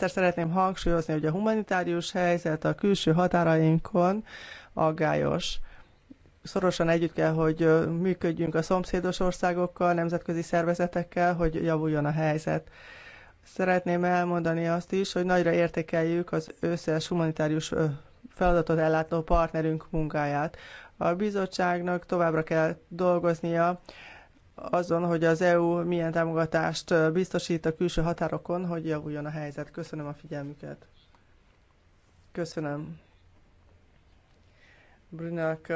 Egyszer szeretném hangsúlyozni, hogy a humanitárius helyzet a külső határainkon aggályos szorosan együtt kell, hogy működjünk a szomszédos országokkal, nemzetközi szervezetekkel, hogy javuljon a helyzet. Szeretném elmondani azt is, hogy nagyra értékeljük az összes humanitárius feladatot ellátó partnerünk munkáját. A bizottságnak továbbra kell dolgoznia azon, hogy az EU milyen támogatást biztosít a külső határokon, hogy javuljon a helyzet. Köszönöm a figyelmüket. Köszönöm. Brünnök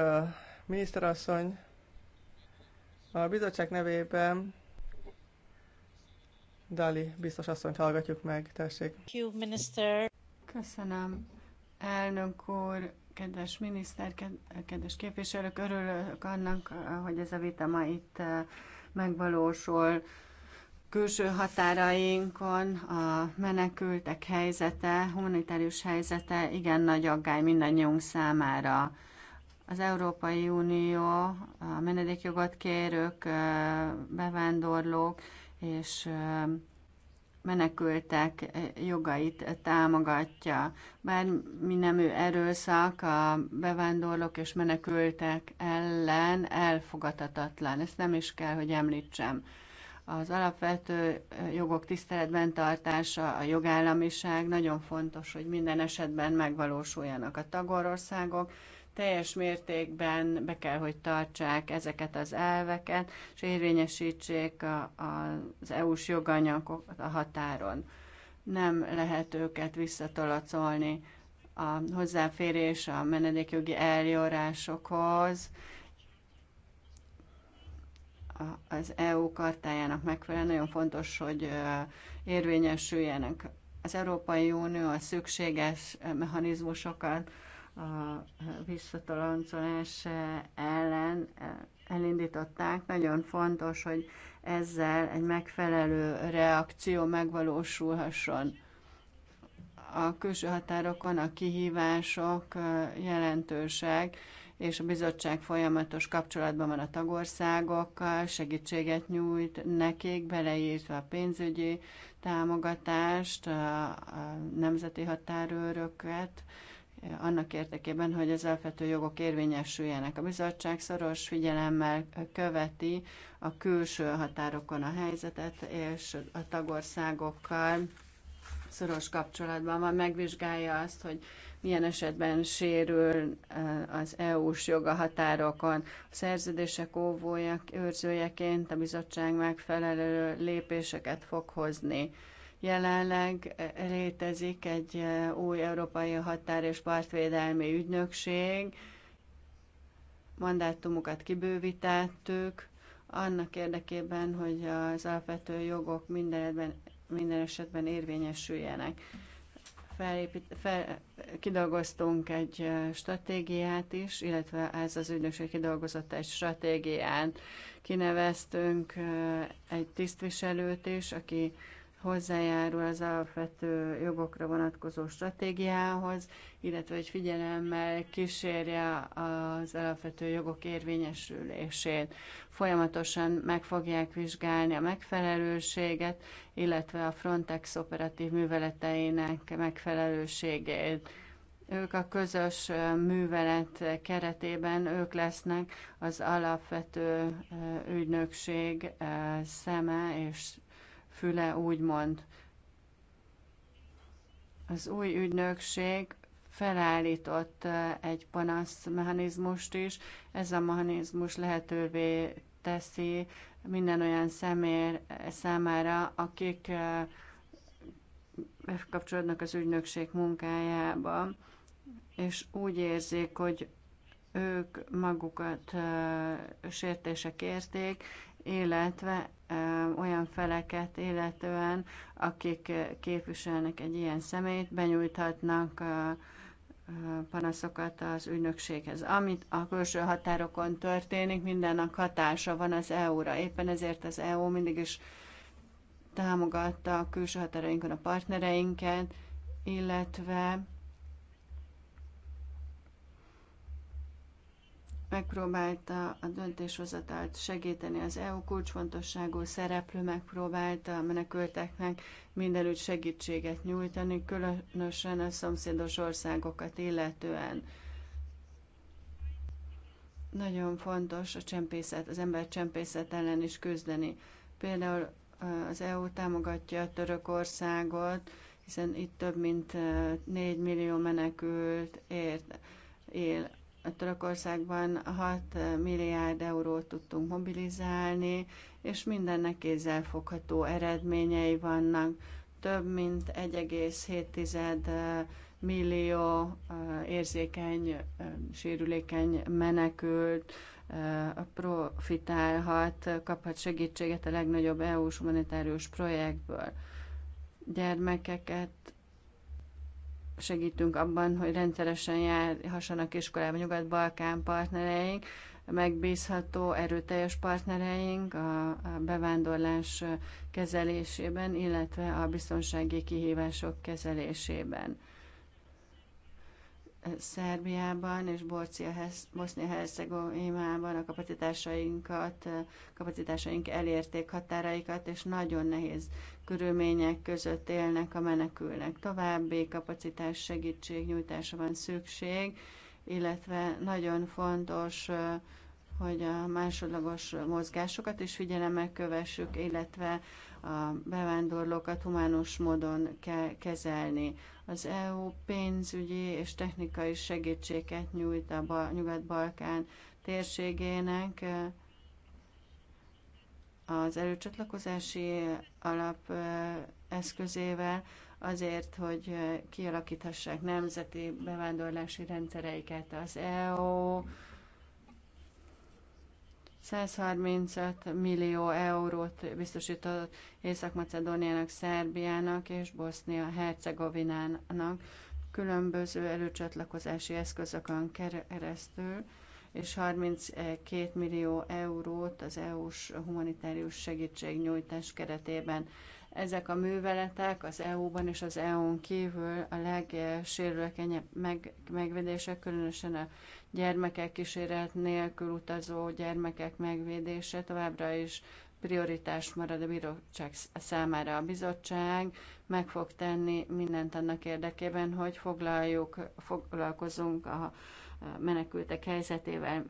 miniszterasszony, a bizottság nevében Dali biztos asszonyt hallgatjuk meg, tessék. Köszönöm, elnök úr. Kedves miniszter, kedves képviselők, örülök annak, hogy ez a vita ma itt eh, megvalósul. Külső határainkon a menekültek helyzete, humanitárius helyzete igen nagy aggály mindannyiunk számára. Az Európai Unió a menedékjogot kérők, eh, bevándorlók és eh, menekültek jogait támogatja. nem ő erőszak a bevándorlók és menekültek ellen elfogadhatatlan. Ezt nem is kell, hogy említsem. Az alapvető jogok tiszteletben tartása, a jogállamiság nagyon fontos, hogy minden esetben megvalósuljanak a tagországok, teljes mértékben be kell, hogy tartsák ezeket az elveket, és érvényesítsék a, a, az EU-s joganyagokat a határon. Nem lehet őket visszatolacolni a hozzáférés a menedékjogi eljárásokhoz, az EU kartájának megfelelően nagyon fontos, hogy érvényesüljenek az Európai Unió a szükséges mechanizmusokat a visszataloncolás ellen elindították. Nagyon fontos, hogy ezzel egy megfelelő reakció megvalósulhasson. A külső határokon a kihívások jelentősek, és a bizottság folyamatos kapcsolatban van a tagországokkal, segítséget nyújt nekik, beleértve a pénzügyi támogatást, a nemzeti határőröket, annak érdekében, hogy az alapvető jogok érvényesüljenek. A bizottság szoros figyelemmel követi a külső határokon a helyzetet, és a tagországokkal szoros kapcsolatban van, megvizsgálja azt, hogy milyen esetben sérül az EU-s jog a határokon. A szerződések óvójak, őrzőjeként a bizottság megfelelő lépéseket fog hozni. Jelenleg eh, létezik egy eh, új európai határ és partvédelmi ügynökség, mandátumukat kibővítettük, annak érdekében, hogy az alapvető jogok mindenetben, minden esetben érvényesüljenek. Felépít, fel, kidolgoztunk egy eh, stratégiát is, illetve ez az ügynökség kidolgozott egy stratégiát. Kineveztünk egy tisztviselőt is, aki hozzájárul az alapvető jogokra vonatkozó stratégiához, illetve hogy figyelemmel kísérje az alapvető jogok érvényesülését. Folyamatosan meg fogják vizsgálni a megfelelőséget, illetve a Frontex operatív műveleteinek megfelelőségét ők a közös művelet keretében, ők lesznek az alapvető ügynökség szeme és füle úgymond. Az új ügynökség felállított eh, egy panaszmechanizmust is. Ez a mechanizmus lehetővé teszi minden olyan személy számára, akik eh, kapcsolódnak az ügynökség munkájába, és úgy érzik, hogy ők magukat eh, sértések érték, illetve olyan feleket illetően, akik képviselnek egy ilyen személyt, benyújthatnak panaszokat az ügynökséghez. Amit a külső határokon történik, mindennek hatása van az EU-ra. Éppen ezért az EU mindig is támogatta a külső határainkon a partnereinket, illetve megpróbálta a döntéshozatalt segíteni. Az EU kulcsfontosságú szereplő megpróbálta a menekülteknek mindenütt segítséget nyújtani, különösen a szomszédos országokat illetően. Nagyon fontos a csempészet, az ember csempészet ellen is küzdeni. Például az EU támogatja a Törökországot, hiszen itt több mint 4 millió menekült ért, él Törökországban 6 milliárd eurót tudtunk mobilizálni, és mindennek kézzelfogható eredményei vannak. Több mint 1,7 millió érzékeny, sérülékeny menekült profitálhat, kaphat segítséget a legnagyobb EU-s humanitárius projektből. Gyermekeket segítünk abban, hogy rendszeresen járhassanak iskolába nyugat-balkán partnereink, megbízható, erőteljes partnereink a bevándorlás kezelésében, illetve a biztonsági kihívások kezelésében. Szerbiában és Bosznia-Hercegovinában a kapacitásainkat, kapacitásaink elérték határaikat, és nagyon nehéz körülmények között élnek a menekülnek. További kapacitás segítségnyújtása van szükség, illetve nagyon fontos, hogy a másodlagos mozgásokat is figyelemmel kövessük, illetve a bevándorlókat humánus módon kell kezelni. Az EU pénzügyi és technikai segítséget nyújt a Nyugat-Balkán térségének az előcsatlakozási alap eszközével azért, hogy kialakíthassák nemzeti bevándorlási rendszereiket. Az EU 135 millió eurót biztosított Észak-Macedóniának, Szerbiának és Bosznia-Hercegovinának különböző előcsatlakozási eszközökön keresztül, és 32 millió eurót az EU-s humanitárius segítségnyújtás keretében. Ezek a műveletek az EU-ban és az EU-n kívül a legsérülékenyebb meg, megvédések, különösen a gyermekek kíséret nélkül utazó gyermekek megvédése továbbra is prioritás marad a bíróság számára. A bizottság meg fog tenni mindent annak érdekében, hogy foglaljuk, foglalkozunk a menekültek helyzetével.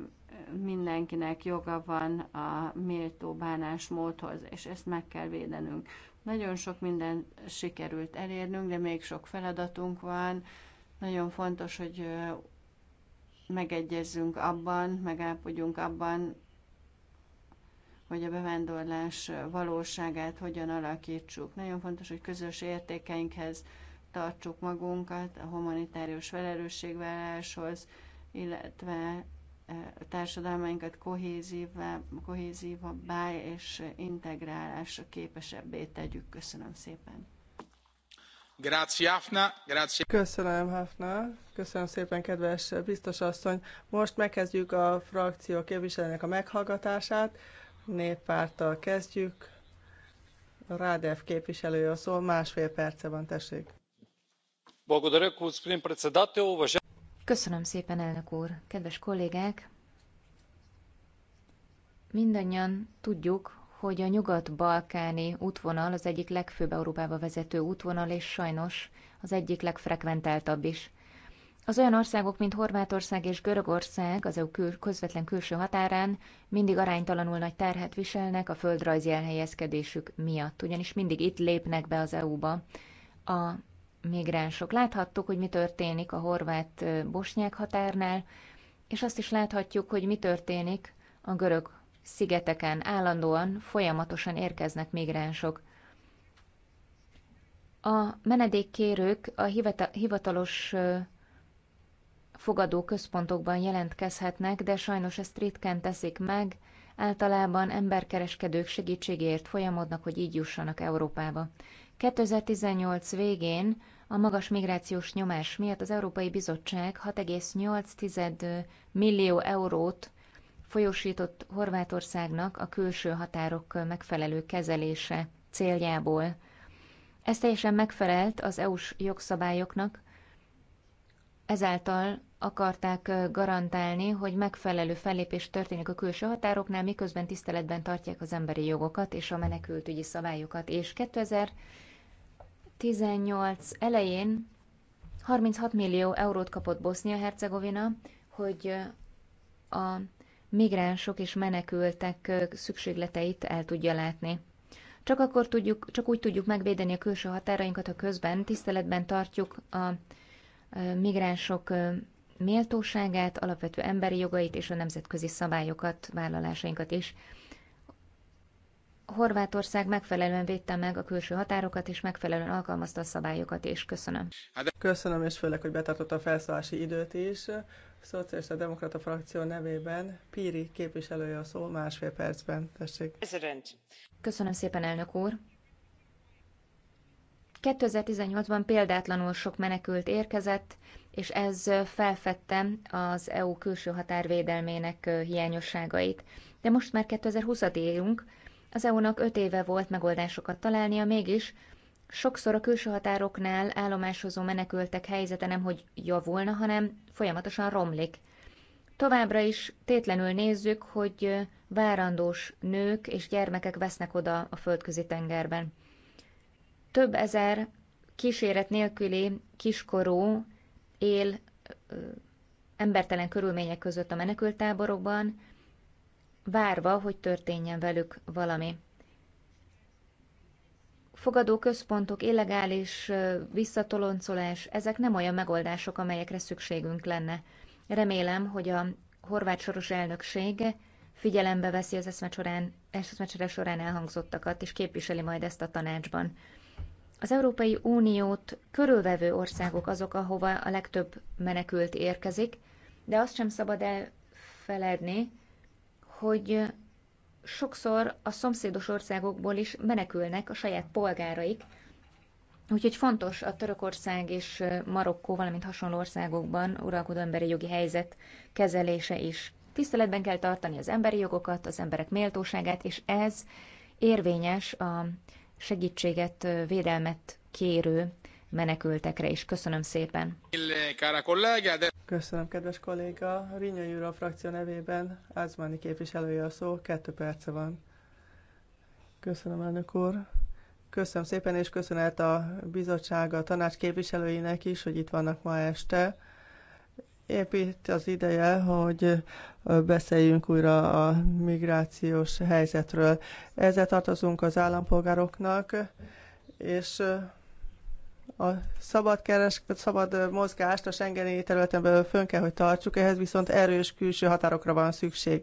Mindenkinek joga van a méltó bánásmódhoz, és ezt meg kell védenünk. Nagyon sok minden sikerült elérnünk, de még sok feladatunk van. Nagyon fontos, hogy megegyezzünk abban, megállapodjunk abban, hogy a bevándorlás valóságát hogyan alakítsuk. Nagyon fontos, hogy közös értékeinkhez tartsuk magunkat, a humanitárius felelősségvállaláshoz, illetve e, a társadalmainkat kohézívabbá és integrálásra képesebbé tegyük. Köszönöm szépen! Köszönöm, Hafna. Köszönöm szépen, kedves biztos asszony. Most megkezdjük a frakció képviselőnek a meghallgatását. Néppárttal kezdjük. Rádev képviselő a szó, másfél perce van, tessék. Köszönöm szépen, elnök úr. Kedves kollégák, mindannyian tudjuk, hogy a nyugat-balkáni útvonal az egyik legfőbb Európába vezető útvonal, és sajnos az egyik legfrekventáltabb is. Az olyan országok, mint Horvátország és Görögország az EU közvetlen külső határán mindig aránytalanul nagy terhet viselnek a földrajzi elhelyezkedésük miatt, ugyanis mindig itt lépnek be az EU-ba a migránsok. Láthattuk, hogy mi történik a horvát-bosnyák határnál, és azt is láthatjuk, hogy mi történik a görög szigeteken állandóan, folyamatosan érkeznek migránsok. A menedékkérők a hivatalos fogadó központokban jelentkezhetnek, de sajnos ezt ritkán teszik meg, általában emberkereskedők segítségéért folyamodnak, hogy így jussanak Európába. 2018 végén a magas migrációs nyomás miatt az Európai Bizottság 6,8 millió eurót folyósított Horvátországnak a külső határok megfelelő kezelése céljából. Ez teljesen megfelelt az EU-s jogszabályoknak, ezáltal akarták garantálni, hogy megfelelő fellépés történik a külső határoknál, miközben tiszteletben tartják az emberi jogokat és a menekültügyi szabályokat. És 2018 elején 36 millió eurót kapott Bosznia-Hercegovina, hogy a migránsok és menekültek szükségleteit el tudja látni. Csak akkor tudjuk, csak úgy tudjuk megvédeni a külső határainkat, ha közben tiszteletben tartjuk a migránsok méltóságát, alapvető emberi jogait és a nemzetközi szabályokat, vállalásainkat is. Horvátország megfelelően védte meg a külső határokat, és megfelelően alkalmazta a szabályokat, és köszönöm. Köszönöm, és főleg, hogy betartotta a felszólási időt is. Szocialista Demokrata frakció nevében Píri képviselője a szó másfél percben. Tessék. Köszönöm szépen, elnök úr. 2018-ban példátlanul sok menekült érkezett, és ez felfedte az EU külső határvédelmének hiányosságait. De most már 2020-at élünk, az EU-nak 5 éve volt megoldásokat találnia, mégis Sokszor a külső határoknál állomásozó menekültek helyzete nem hogy javulna, hanem folyamatosan romlik. Továbbra is tétlenül nézzük, hogy várandós nők és gyermekek vesznek oda a földközi tengerben. Több ezer kíséret nélküli kiskorú él embertelen körülmények között a menekültáborokban, várva, hogy történjen velük valami fogadó központok, illegális visszatoloncolás, ezek nem olyan megoldások, amelyekre szükségünk lenne. Remélem, hogy a horvát soros elnökség figyelembe veszi az eszmecsorán, eszmecsere során elhangzottakat, és képviseli majd ezt a tanácsban. Az Európai Uniót körülvevő országok azok, ahova a legtöbb menekült érkezik, de azt sem szabad elfeledni, hogy sokszor a szomszédos országokból is menekülnek a saját polgáraik, úgyhogy fontos a Törökország és Marokkó, valamint hasonló országokban uralkodó emberi jogi helyzet kezelése is. Tiszteletben kell tartani az emberi jogokat, az emberek méltóságát, és ez érvényes a segítséget, védelmet kérő menekültekre is. Köszönöm szépen! Köszönöm, kedves kolléga! Rinyai úr a frakció nevében Ázmani képviselője a szó, kettő perce van. Köszönöm, elnök úr! Köszönöm szépen, és köszönet a bizottság, a tanács képviselőinek is, hogy itt vannak ma este. Épp itt az ideje, hogy beszéljünk újra a migrációs helyzetről. Ezzel tartozunk az állampolgároknak, és a szabad, keres, szabad mozgást a Schengeni területen belül fönn kell, hogy tartsuk, ehhez viszont erős külső határokra van szükség.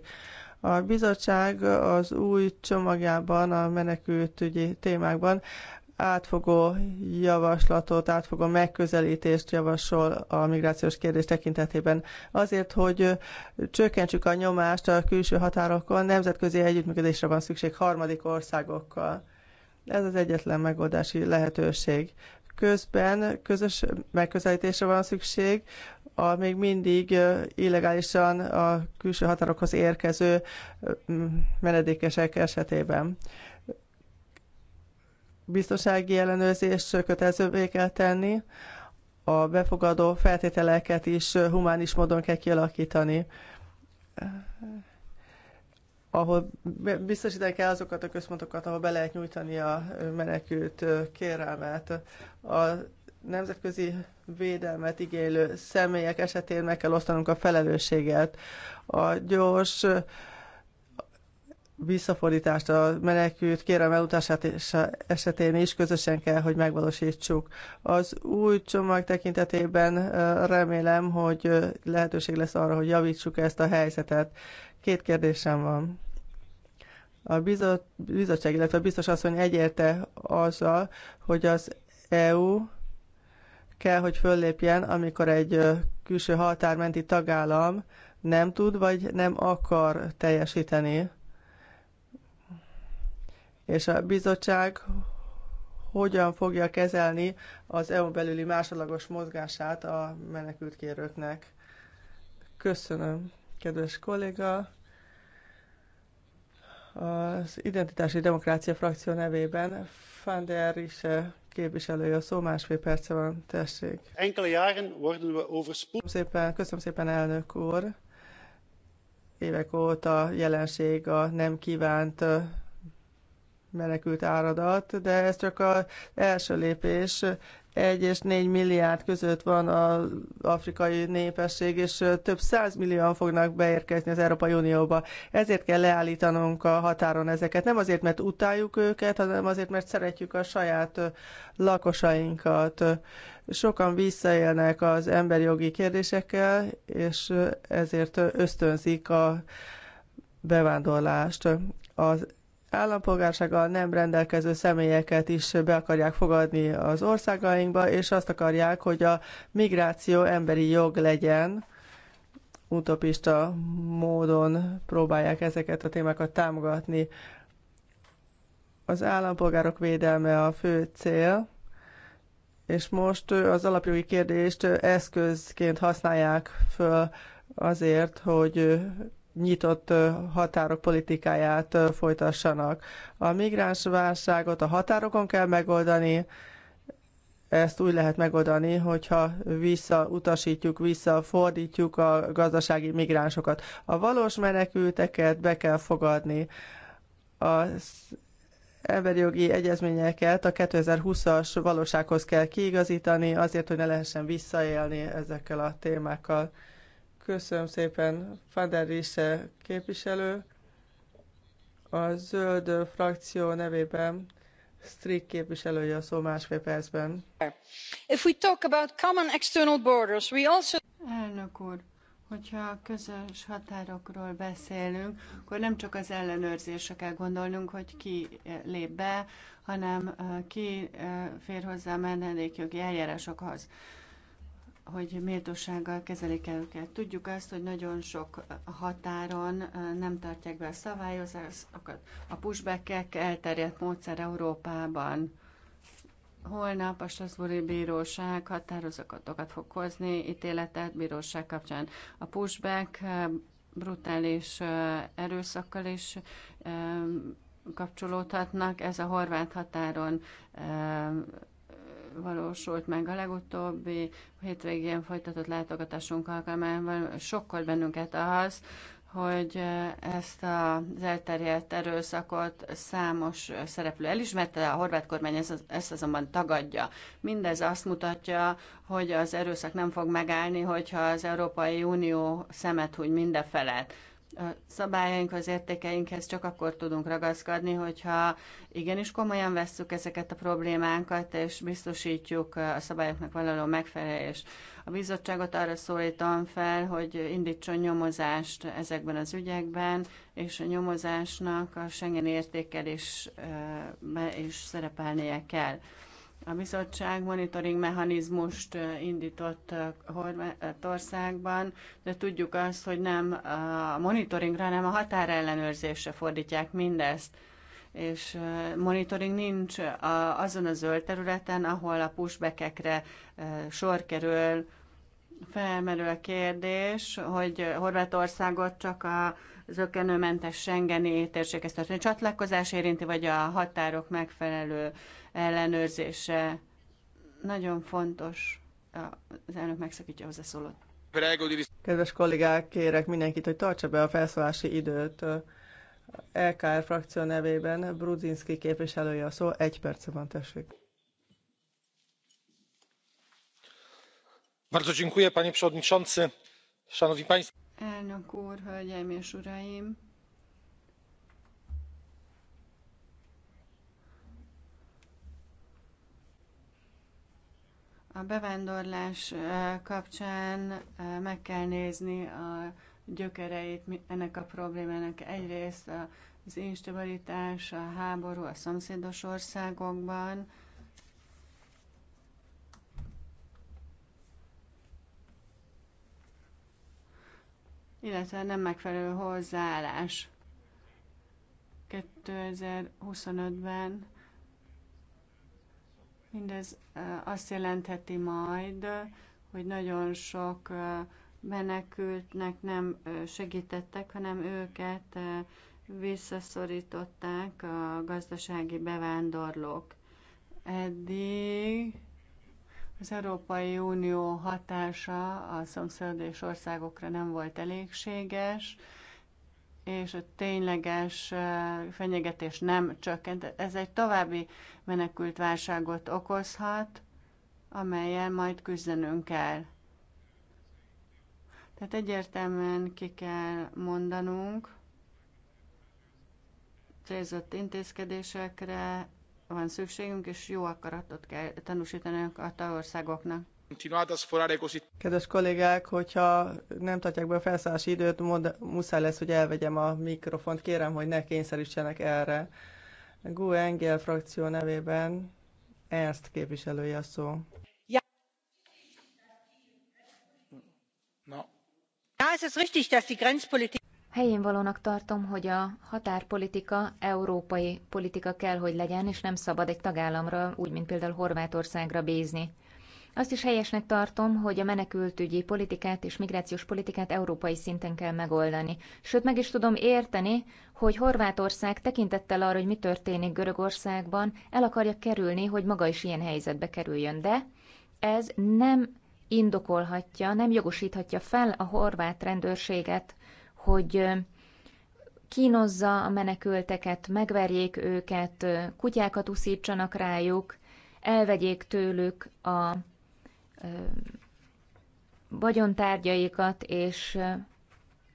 A bizottság az új csomagjában, a menekültügyi témákban átfogó javaslatot, átfogó megközelítést javasol a migrációs kérdés tekintetében. Azért, hogy csökkentsük a nyomást a külső határokon, nemzetközi együttműködésre van szükség harmadik országokkal. Ez az egyetlen megoldási lehetőség. Közben közös megközelítésre van szükség, a még mindig illegálisan a külső határokhoz érkező menedékesek esetében. Biztonsági ellenőrzés kötelezővé kell tenni, a befogadó feltételeket is humánis módon kell kialakítani ahol biztosítani kell azokat a központokat, ahol be lehet nyújtani a menekült kérelmet. A nemzetközi védelmet igénylő személyek esetén meg kell osztanunk a felelősséget. A gyors visszafordítást, a menekült kérem elutasítása esetén is közösen kell, hogy megvalósítsuk. Az új csomag tekintetében remélem, hogy lehetőség lesz arra, hogy javítsuk ezt a helyzetet. Két kérdésem van. A bizot, bizottság, illetve a biztos asszony egyérte azzal, hogy az EU kell, hogy föllépjen, amikor egy külső határmenti tagállam nem tud, vagy nem akar teljesíteni. És a bizottság hogyan fogja kezelni az EU belüli másodlagos mozgását a menekültkérőknek. Köszönöm kedves kolléga! Az Identitási Demokrácia frakció nevében Fander is képviselője a szó, másfél perce van, tessék. Enkele jaren worden we overspoeld. Szépen, köszönöm szépen, elnök úr. Évek óta jelenség a nem kívánt menekült áradat, de ez csak az első lépés. 1 és 4 milliárd között van az afrikai népesség, és több százmillióan fognak beérkezni az Európai Unióba. Ezért kell leállítanunk a határon ezeket. Nem azért, mert utáljuk őket, hanem azért, mert szeretjük a saját lakosainkat. Sokan visszaélnek az emberi jogi kérdésekkel, és ezért ösztönzik a bevándorlást. Az állampolgársággal nem rendelkező személyeket is be akarják fogadni az országainkba, és azt akarják, hogy a migráció emberi jog legyen. Utopista módon próbálják ezeket a témákat támogatni. Az állampolgárok védelme a fő cél, és most az alapjogi kérdést eszközként használják föl azért, hogy nyitott határok politikáját folytassanak. A migráns válságot a határokon kell megoldani, ezt úgy lehet megoldani, hogyha visszautasítjuk, visszafordítjuk a gazdasági migránsokat. A valós menekülteket be kell fogadni. Az emberi jogi egyezményeket a 2020-as valósághoz kell kiigazítani, azért, hogy ne lehessen visszaélni ezekkel a témákkal. Köszönöm szépen, Fader képviselő. A zöld frakció nevében Strik képviselője a szó másfél percben. If we talk about common external borders, we also... Elnök úr, hogyha közös határokról beszélünk, akkor nem csak az ellenőrzésre kell gondolnunk, hogy ki eh, lép be, hanem eh, ki eh, fér hozzá a menedékjogi eljárásokhoz hogy méltósággal kezelik el őket. Tudjuk azt, hogy nagyon sok határon nem tartják be a szabályozásokat. A pushback-ek elterjedt módszer Európában. Holnap a Strasbourgi Bíróság határozatokat fog hozni, ítéletet bíróság kapcsán. A pushback brutális erőszakkal is kapcsolódhatnak. Ez a horvát határon valósult meg a legutóbbi hétvégén folytatott látogatásunk alkalmával. Sokkal bennünket az, hogy ezt az elterjedt erőszakot számos szereplő elismerte, a horvát kormány ezt azonban tagadja. Mindez azt mutatja, hogy az erőszak nem fog megállni, hogyha az Európai Unió szemet húgy mindefelett a szabályainkhoz, értékeinkhez csak akkor tudunk ragaszkodni, hogyha igenis komolyan vesszük ezeket a problémánkat, és biztosítjuk a szabályoknak való megfelelést. A bizottságot arra szólítom fel, hogy indítson nyomozást ezekben az ügyekben, és a nyomozásnak a Schengen értékelésbe is szerepelnie kell. A bizottság monitoring mechanizmust indított Horvátországban, de tudjuk azt, hogy nem a monitoringra, hanem a határellenőrzésre fordítják mindezt és monitoring nincs azon a zöld területen, ahol a pushbackekre sor kerül. Felmerül a kérdés, hogy Horvátországot csak a zökenőmentes Schengeni térséghez történő csatlakozás érinti, vagy a határok megfelelő ellenőrzése. Nagyon fontos. Az elnök megszakítja hozzászólót. Kedves kollégák, kérek mindenkit, hogy tartsa be a felszólási időt. LKR frakció nevében Brudzinski képviselője a szó. Egy perce van, tessék. Bardzo dziękuję, panie przewodniczący. Szanowni państwo. Elnök úr, hölgyeim és uraim! A bevándorlás kapcsán meg kell nézni a gyökereit ennek a problémának. Egyrészt az instabilitás, a háború a szomszédos országokban, illetve nem megfelelő hozzáállás. 2025-ben mindez azt jelentheti majd, hogy nagyon sok menekültnek nem segítettek, hanem őket visszaszorították a gazdasági bevándorlók. Eddig az Európai Unió hatása a szomszédos országokra nem volt elégséges, és a tényleges fenyegetés nem csökkent. Ez egy további menekült válságot okozhat, amelyel majd küzdenünk kell. Tehát egyértelműen ki kell mondanunk, célzott intézkedésekre, van szükségünk, és jó akaratot kell tanúsítani a tagországoknak. Kedves kollégák, hogyha nem tartják be a felszállási időt, mond, muszáj lesz, hogy elvegyem a mikrofont. Kérem, hogy ne kényszerítsenek erre. Gu Engel frakció nevében ezt képviselője a szó. Ja. No. Ja, es ist richtig, dass die Grenzpolitik Helyén valónak tartom, hogy a határpolitika európai politika kell, hogy legyen, és nem szabad egy tagállamra, úgy mint például Horvátországra bízni. Azt is helyesnek tartom, hogy a menekültügyi politikát és migrációs politikát európai szinten kell megoldani. Sőt, meg is tudom érteni, hogy Horvátország tekintettel arra, hogy mi történik Görögországban, el akarja kerülni, hogy maga is ilyen helyzetbe kerüljön. De ez nem indokolhatja, nem jogosíthatja fel a horvát rendőrséget hogy kínozza a menekülteket, megverjék őket, kutyákat uszítsanak rájuk, elvegyék tőlük a vagyontárgyaikat, és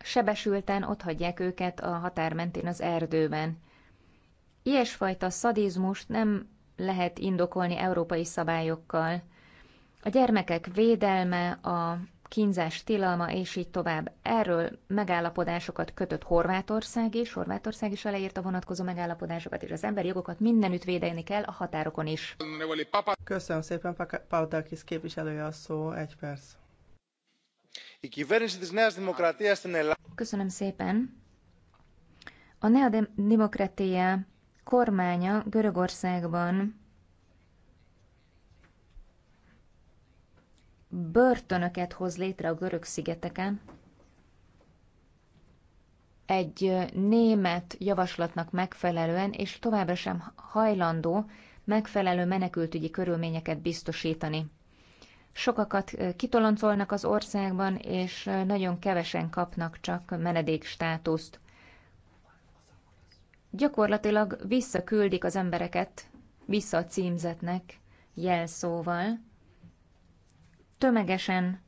sebesülten otthagyják őket a határ mentén az erdőben. Ilyesfajta szadizmust nem lehet indokolni európai szabályokkal. A gyermekek védelme, a kínzás tilalma, és így tovább. Erről megállapodásokat kötött Horvátország is, Horvátország is aláírta vonatkozó megállapodásokat, és az emberi jogokat mindenütt védeni kell a határokon is. Köszönöm szépen, Pautakis képviselője a szó, egy perc. Köszönöm szépen. A neodemokratia kormánya Görögországban börtönöket hoz létre a görög szigeteken. Egy német javaslatnak megfelelően, és továbbra sem hajlandó megfelelő menekültügyi körülményeket biztosítani. Sokakat kitoloncolnak az országban, és nagyon kevesen kapnak csak menedékstátuszt. Gyakorlatilag visszaküldik az embereket vissza a címzetnek jelszóval, tömegesen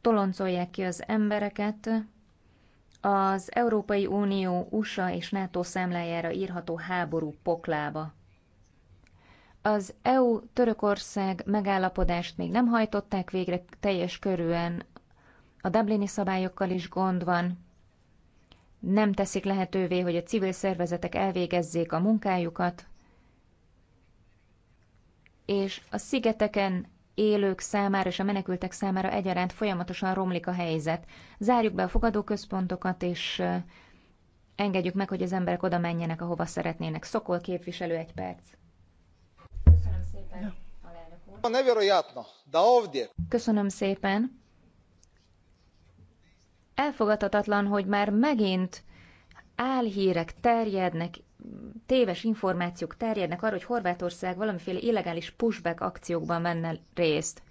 toloncolják ki az embereket, az Európai Unió, USA és NATO számlájára írható háború poklába. Az EU-Törökország megállapodást még nem hajtották végre teljes körűen, a Dublini szabályokkal is gond van, nem teszik lehetővé, hogy a civil szervezetek elvégezzék a munkájukat, és a szigeteken élők számára és a menekültek számára egyaránt folyamatosan romlik a helyzet. Zárjuk be a fogadóközpontokat, és engedjük meg, hogy az emberek oda menjenek, ahova szeretnének. Szokol képviselő egy perc. Köszönöm szépen. Köszönöm szépen. Elfogadhatatlan, hogy már megint álhírek terjednek téves információk terjednek arról, hogy Horvátország valamiféle illegális pushback akciókban venne részt.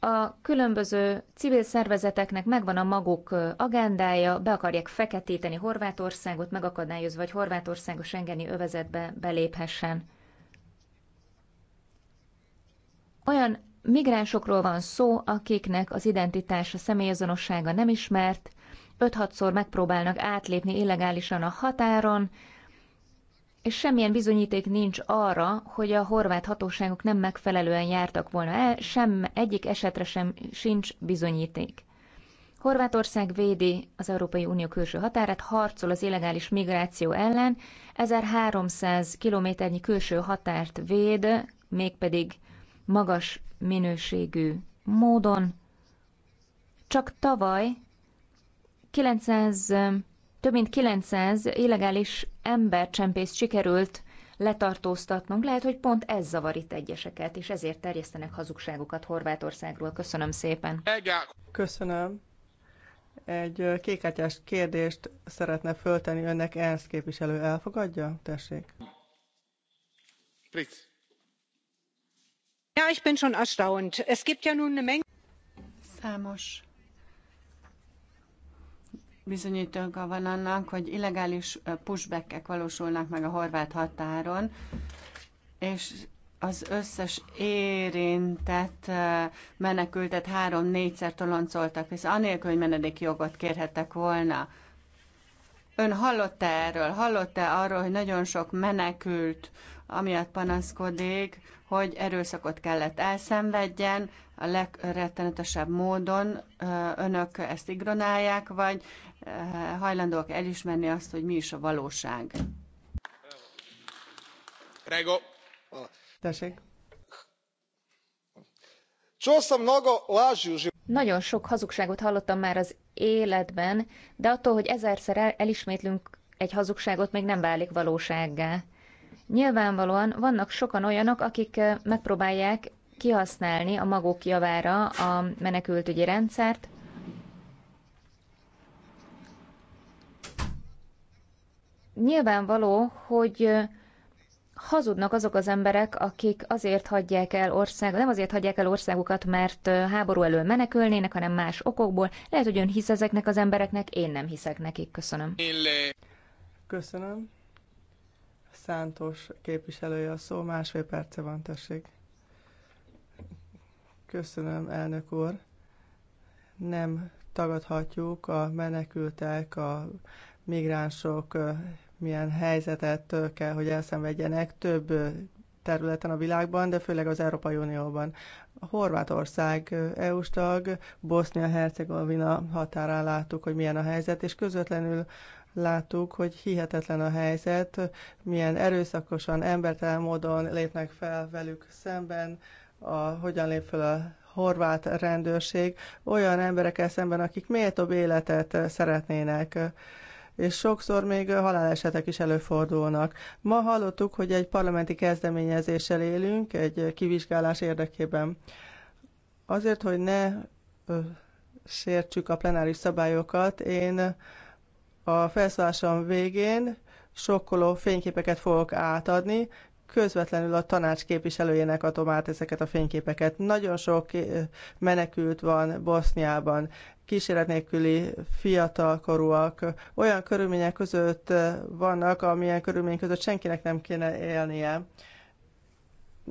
A különböző civil szervezeteknek megvan a maguk agendája, be akarják feketíteni Horvátországot, megakadályozva, hogy Horvátország a Schengeni övezetbe beléphessen. Olyan migránsokról van szó, akiknek az identitása, személyazonossága nem ismert, 5-6-szor megpróbálnak átlépni illegálisan a határon, és semmilyen bizonyíték nincs arra, hogy a horvát hatóságok nem megfelelően jártak volna el, sem egyik esetre sem sincs bizonyíték. Horvátország védi az Európai Unió külső határát, harcol az illegális migráció ellen, 1300 kilométernyi külső határt véd, mégpedig magas minőségű módon. Csak tavaly 900, több mint 900 illegális embercsempész sikerült letartóztatnunk. Lehet, hogy pont ez zavar itt egyeseket, és ezért terjesztenek hazugságokat Horvátországról. Köszönöm szépen. Köszönöm. Egy kékátyás kérdést szeretne föltenni önnek ENSZ képviselő. Elfogadja? Tessék. Fritz. Ja, ich bin schon erstaunt. Es gibt ja nun eine Menge... Számos bizonyítóka van annak, hogy illegális pushbackek valósulnak meg a horvát határon, és az összes érintett menekültet három-négyszer toloncoltak hisz anélkül, hogy menedékjogot kérhettek volna. Ön hallotta erről? Hallotta arról, hogy nagyon sok menekült amiatt panaszkodik, hogy erőszakot kellett elszenvedjen, a legrettenetesebb módon önök ezt igronálják, vagy hajlandóak elismerni azt, hogy mi is a valóság. Prego. Tessék. Nagyon sok hazugságot hallottam már az életben, de attól, hogy ezerszer el, elismétlünk egy hazugságot, még nem válik valósággá. Nyilvánvalóan vannak sokan olyanok, akik eh, megpróbálják kihasználni a maguk javára a menekültügyi rendszert, nyilvánvaló, hogy hazudnak azok az emberek, akik azért hagyják el ország, nem azért hagyják el országukat, mert háború elől menekülnének, hanem más okokból. Lehet, hogy ön hisz ezeknek az embereknek, én nem hiszek nekik. Köszönöm. Köszönöm. Szántos képviselője a szó, másfél perce van, tessék. Köszönöm, elnök úr. Nem tagadhatjuk a menekültek, a migránsok milyen helyzetet kell, hogy elszenvedjenek több területen a világban, de főleg az Európai Unióban. Horvátország EU-s tag, Bosznia-Hercegovina határán láttuk, hogy milyen a helyzet, és közvetlenül láttuk, hogy hihetetlen a helyzet, milyen erőszakosan, embertelen módon lépnek fel velük szemben, a, hogyan lép fel a horvát rendőrség olyan emberekkel szemben, akik méltóbb életet szeretnének és sokszor még halálesetek is előfordulnak. Ma hallottuk, hogy egy parlamenti kezdeményezéssel élünk, egy kivizsgálás érdekében. Azért, hogy ne sértsük a plenáris szabályokat, én a felszólásom végén sokkoló fényképeket fogok átadni, közvetlenül a tanács képviselőjének adom át ezeket a fényképeket. Nagyon sok menekült van Boszniában, kísérlet nélküli fiatalkorúak olyan körülmények között vannak, amilyen körülmények között senkinek nem kéne élnie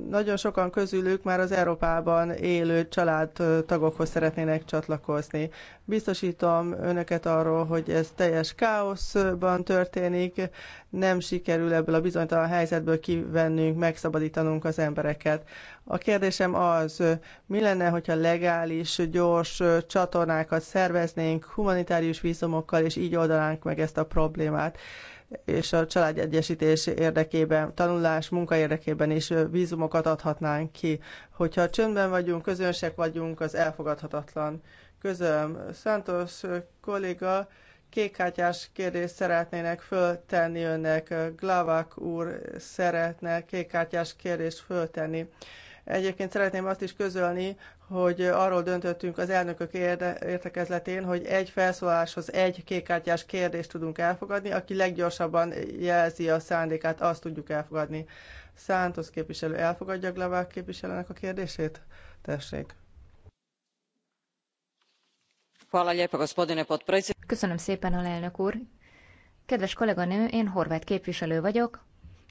nagyon sokan közülük már az Európában élő családtagokhoz szeretnének csatlakozni. Biztosítom önöket arról, hogy ez teljes káoszban történik, nem sikerül ebből a bizonytalan helyzetből kivennünk, megszabadítanunk az embereket. A kérdésem az, mi lenne, hogyha legális, gyors csatornákat szerveznénk humanitárius vízumokkal, és így oldanánk meg ezt a problémát és a családegyesítés érdekében, tanulás, munka érdekében is vízumokat adhatnánk ki. Hogyha csöndben vagyunk, közönsek vagyunk, az elfogadhatatlan. Közöm, Santos kolléga, kékkártyás kérdést szeretnének föltenni önnek, Glavak úr szeretne kékkártyás kérdést föltenni. Egyébként szeretném azt is közölni, hogy arról döntöttünk az elnökök érde, értekezletén, hogy egy felszóláshoz egy kékkártyás kérdést tudunk elfogadni, aki leggyorsabban jelzi a szándékát, azt tudjuk elfogadni. Szántos képviselő elfogadja Glavák képviselőnek a kérdését? Tessék. Köszönöm szépen, alelnök úr. Kedves kolléganő, én horvát képviselő vagyok.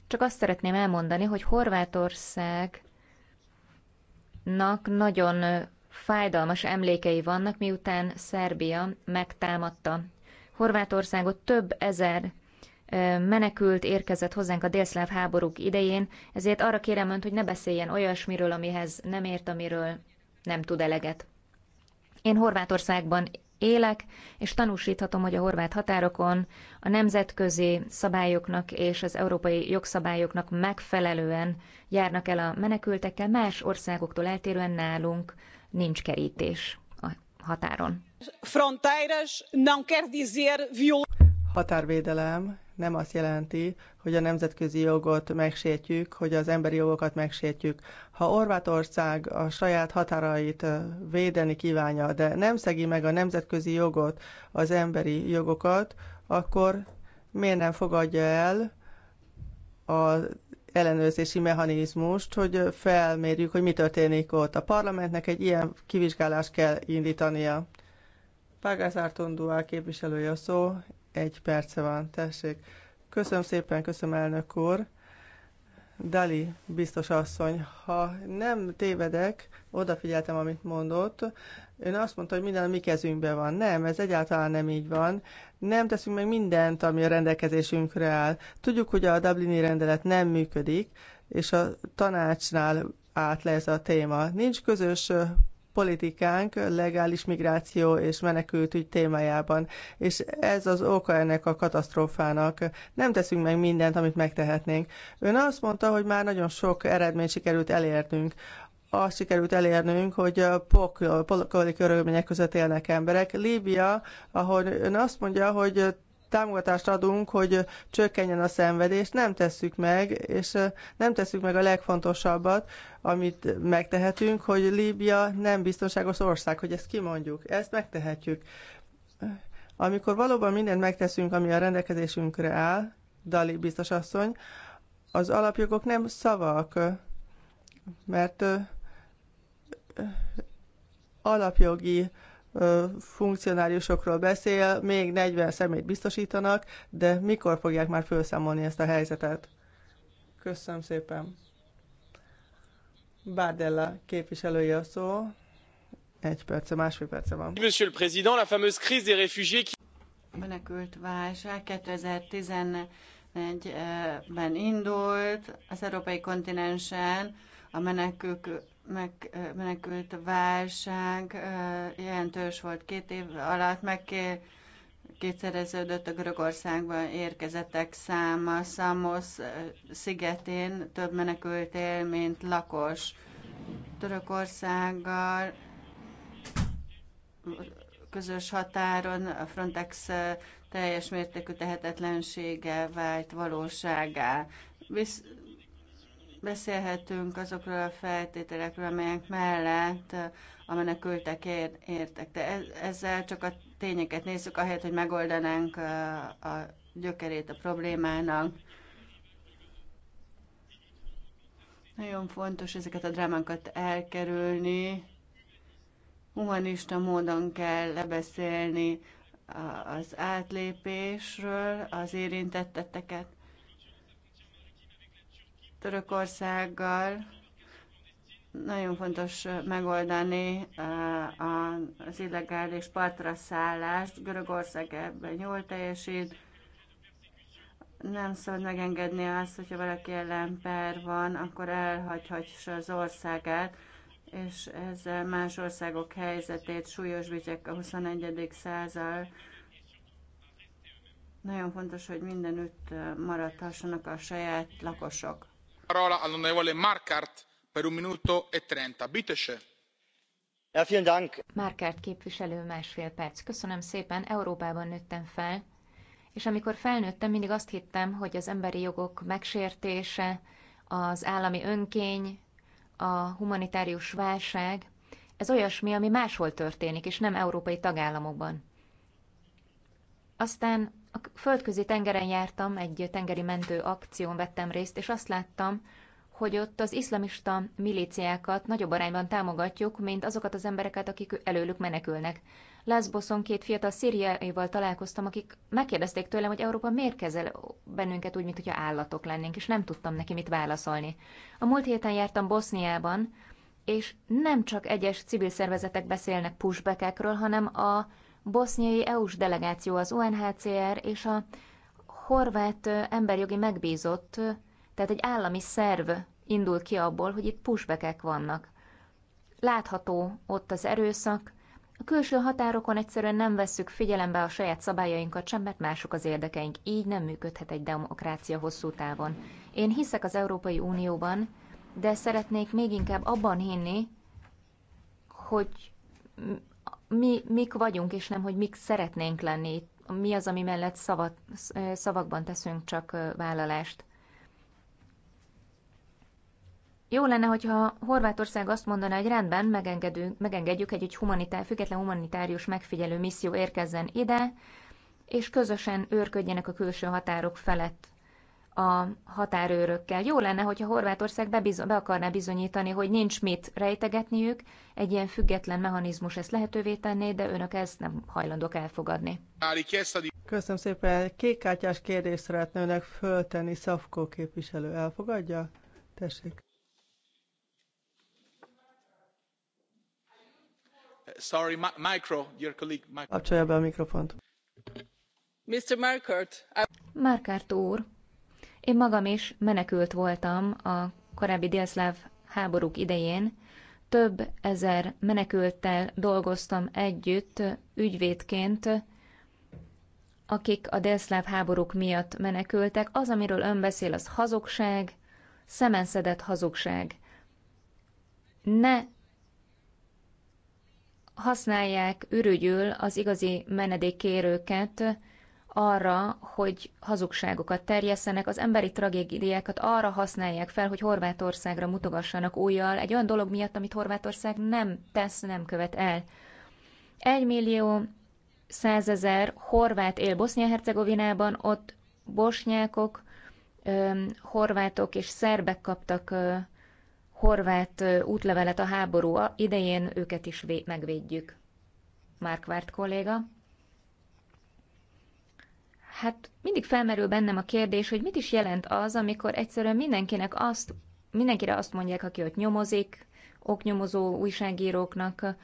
Csak azt szeretném elmondani, hogy Horvátország nak nagyon fájdalmas emlékei vannak, miután Szerbia megtámadta Horvátországot. Több ezer menekült érkezett hozzánk a délszláv háborúk idején, ezért arra kérem önt, hogy ne beszéljen olyasmiről, amihez nem ért, amiről nem tud eleget. Én Horvátországban élek, és tanúsíthatom, hogy a horvát határokon a nemzetközi szabályoknak és az európai jogszabályoknak megfelelően járnak el a menekültekkel, más országoktól eltérően nálunk nincs kerítés a határon. Fronteiras não quer dizer viol határvédelem nem azt jelenti, hogy a nemzetközi jogot megsértjük, hogy az emberi jogokat megsértjük. Ha Orvátország a saját határait védeni kívánja, de nem szegi meg a nemzetközi jogot, az emberi jogokat, akkor miért nem fogadja el az ellenőrzési mechanizmust, hogy felmérjük, hogy mi történik ott. A parlamentnek egy ilyen kivizsgálást kell indítania. Págázár képviselője a szó, egy perce van, tessék. Köszönöm szépen, köszönöm elnök úr. Dali, biztos asszony, ha nem tévedek, odafigyeltem, amit mondott, ön azt mondta, hogy minden a mi kezünkben van. Nem, ez egyáltalán nem így van. Nem teszünk meg mindent, ami a rendelkezésünkre áll. Tudjuk, hogy a Dublini rendelet nem működik, és a tanácsnál át le ez a téma. Nincs közös politikánk legális migráció és menekültügy témájában. És ez az oka ennek a katasztrófának. Nem teszünk meg mindent, amit megtehetnénk. Ön azt mondta, hogy már nagyon sok eredményt sikerült elérnünk azt sikerült elérnünk, hogy pokoli körülmények között élnek emberek. Líbia, ahol ön azt mondja, hogy támogatást adunk, hogy csökkenjen a szenvedés, nem tesszük meg, és nem tesszük meg a legfontosabbat, amit megtehetünk, hogy Líbia nem biztonságos ország, hogy ezt kimondjuk. Ezt megtehetjük. Amikor valóban mindent megteszünk, ami a rendelkezésünkre áll, Dali biztos asszony, az alapjogok nem szavak, mert alapjogi funkcionáriusokról beszél, még 40 szemét biztosítanak, de mikor fogják már felszámolni ezt a helyzetet? Köszönöm szépen. Bárdella képviselője a szó. Egy perce, másfél perce van. Monsieur le Président, la fameuse crise des réfugiés qui... Menekült válság 2011-ben indult az európai kontinensen, a menekült megmenekült válság jelentős volt két év alatt, meg kétszereződött a Görögországban érkezettek száma. Szamosz szigetén több menekült él, mint lakos. Törökországgal közös határon a Frontex teljes mértékű tehetetlensége vált valóságá. Visz, Beszélhetünk azokról a feltételekről, amelyek mellett a menekültek értek, de ezzel csak a tényeket nézzük, ahelyett, hogy megoldanánk a gyökerét a problémának. Nagyon fontos ezeket a drámákat elkerülni. Humanista módon kell lebeszélni az átlépésről az érintetteteket. Törökországgal nagyon fontos megoldani eh, az illegális partra szállást. Görögország ebben jól teljesít. Nem szabad megengedni azt, hogyha valaki ellen per van, akkor elhagyhatja az országát, és ezzel más országok helyzetét súlyosbítják a 21. százal. Nagyon fontos, hogy mindenütt eh, maradhassanak a saját lakosok markert e képviselő másfél perc. köszönöm szépen európában nőttem fel és amikor felnőttem mindig azt hittem hogy az emberi jogok megsértése az állami önkény a humanitárius válság ez olyasmi ami máshol történik és nem európai tagállamokban. aztán a földközi tengeren jártam, egy tengeri mentő akción vettem részt, és azt láttam, hogy ott az iszlamista milíciákat nagyobb arányban támogatjuk, mint azokat az embereket, akik előlük menekülnek. Lászboszon két fiatal szíriaival találkoztam, akik megkérdezték tőlem, hogy Európa miért kezel bennünket úgy, mintha állatok lennénk, és nem tudtam neki mit válaszolni. A múlt héten jártam Boszniában, és nem csak egyes civil szervezetek beszélnek pushbackekről, hanem a boszniai EU-s delegáció, az UNHCR és a horvát emberjogi megbízott, tehát egy állami szerv indul ki abból, hogy itt pushbackek vannak. Látható ott az erőszak, a külső határokon egyszerűen nem vesszük figyelembe a saját szabályainkat sem, mert mások az érdekeink. Így nem működhet egy demokrácia hosszú távon. Én hiszek az Európai Unióban, de szeretnék még inkább abban hinni, hogy mi mik vagyunk, és nem, hogy mik szeretnénk lenni. Mi az, ami mellett szavat, szavakban teszünk csak vállalást. Jó lenne, hogyha Horvátország azt mondaná, hogy rendben, megengedünk, megengedjük, hogy egy humanitár, független humanitárius megfigyelő misszió érkezzen ide, és közösen őrködjenek a külső határok felett a határőrökkel. Jó lenne, hogyha Horvátország bebizo- be akarná bizonyítani, hogy nincs mit rejtegetniük, egy ilyen független mechanizmus ezt lehetővé tenné, de önök ezt nem hajlandók elfogadni. Köszönöm szépen. Kékkártyás kérdést szeretne önök föltenni Szafkó képviselő. Elfogadja? Tessék. Sorry, micro, your colleague. Micro. Kapcsolja be a mikrofont. Mr. Markert. I... Markert úr, én magam is menekült voltam a korábbi délszláv háborúk idején. Több ezer menekülttel dolgoztam együtt ügyvédként, akik a délszláv háborúk miatt menekültek. Az, amiről ön beszél, az hazugság, szemenszedett hazugság. Ne használják ürügyül az igazi menedékkérőket, arra, hogy hazugságokat terjesszenek, az emberi tragédiákat arra használják fel, hogy Horvátországra mutogassanak újjal egy olyan dolog miatt, amit Horvátország nem tesz, nem követ el. Egy millió százezer horvát él Bosznia-Hercegovinában, ott bosnyákok, horvátok és szerbek kaptak horvát útlevelet a háború idején, őket is megvédjük. Márkvárt kolléga hát mindig felmerül bennem a kérdés, hogy mit is jelent az, amikor egyszerűen mindenkinek azt, mindenkire azt mondják, aki ott nyomozik, oknyomozó újságíróknak,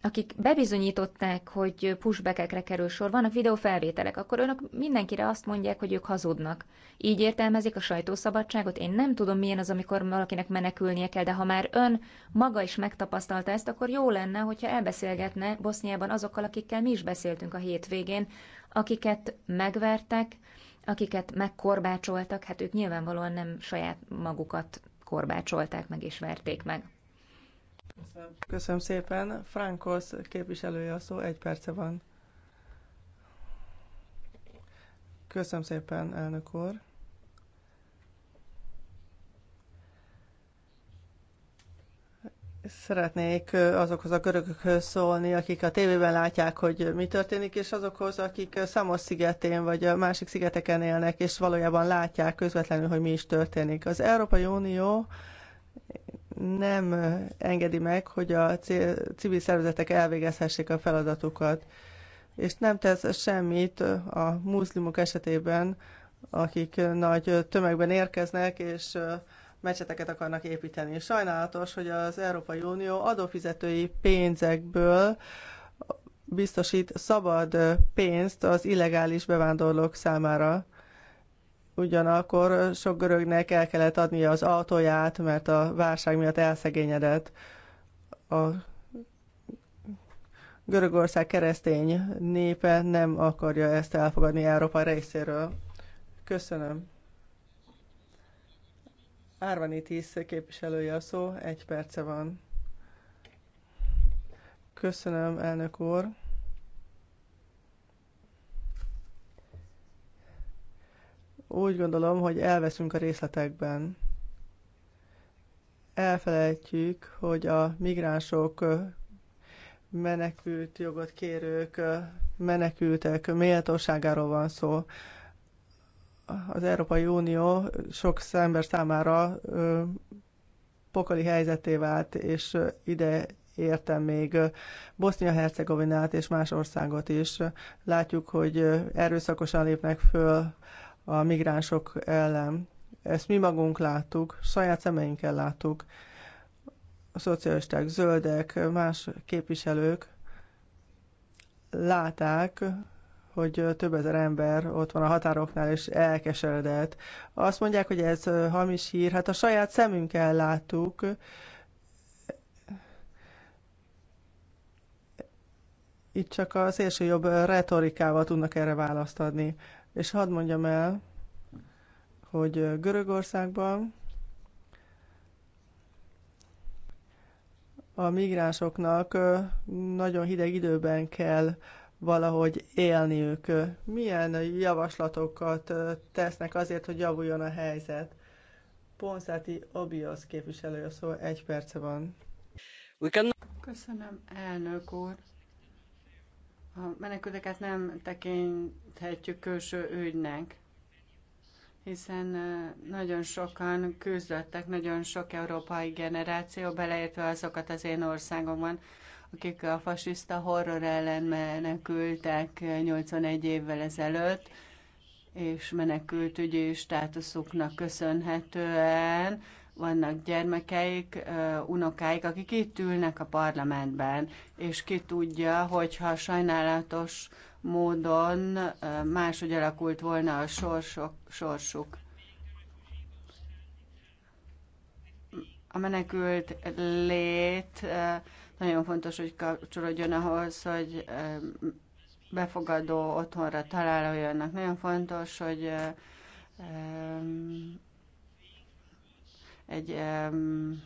akik bebizonyították, hogy pushbackekre kerül sor, vannak videófelvételek, akkor önök mindenkire azt mondják, hogy ők hazudnak. Így értelmezik a sajtószabadságot. Én nem tudom, milyen az, amikor valakinek menekülnie kell, de ha már ön maga is megtapasztalta ezt, akkor jó lenne, hogyha elbeszélgetne Boszniában azokkal, akikkel mi is beszéltünk a hétvégén, akiket megvertek, akiket megkorbácsoltak, hát ők nyilvánvalóan nem saját magukat korbácsolták meg és verték meg. Köszönöm, Köszönöm szépen. Frankos képviselője a szó, egy perce van. Köszönöm szépen, elnök úr. Szeretnék azokhoz a görögökhöz szólni, akik a tévében látják, hogy mi történik, és azokhoz, akik Szamos szigetén vagy a másik szigeteken élnek, és valójában látják közvetlenül, hogy mi is történik. Az Európai Unió nem engedi meg, hogy a civil szervezetek elvégezhessék a feladatukat, és nem tesz semmit a muszlimok esetében, akik nagy tömegben érkeznek, és mecseteket akarnak építeni. Sajnálatos, hogy az Európai Unió adófizetői pénzekből biztosít szabad pénzt az illegális bevándorlók számára. Ugyanakkor sok görögnek el kellett adnia az autóját, mert a válság miatt elszegényedett. A Görögország keresztény népe nem akarja ezt elfogadni Európa részéről. Köszönöm. Árvanitis képviselője a szó, egy perce van. Köszönöm, elnök úr. úgy gondolom, hogy elveszünk a részletekben. Elfelejtjük, hogy a migránsok, menekült jogot kérők, menekültek méltóságáról van szó. Az Európai Unió sok ember számára pokoli helyzeté vált, és ide értem még Bosznia-Hercegovinát és más országot is. Látjuk, hogy erőszakosan lépnek föl a migránsok ellen. Ezt mi magunk láttuk, saját szemeinkkel láttuk. A szocialisták, zöldek, más képviselők láták, hogy több ezer ember ott van a határoknál, és elkeseredett. Azt mondják, hogy ez hamis hír. Hát a saját szemünkkel láttuk. Itt csak a szélső jobb retorikával tudnak erre választ adni. És hadd mondjam el, hogy Görögországban a migránsoknak nagyon hideg időben kell valahogy élniük. Milyen javaslatokat tesznek azért, hogy javuljon a helyzet? Ponszáti Obiosz képviselő, szó egy perce van. Köszönöm, elnök úr. A menekülteket nem tekinthetjük külső ügynek, hiszen nagyon sokan küzdöttek, nagyon sok európai generáció, beleértve azokat az én országomban, akik a fasiszta horror ellen menekültek 81 évvel ezelőtt, és menekültügyi státuszuknak köszönhetően vannak gyermekeik, unokáik, akik itt ülnek a parlamentben, és ki tudja, hogyha sajnálatos módon máshogy alakult volna a sorsok, sorsuk. A menekült lét nagyon fontos, hogy kapcsolódjon ahhoz, hogy befogadó otthonra találjanak. Nagyon fontos, hogy egy um,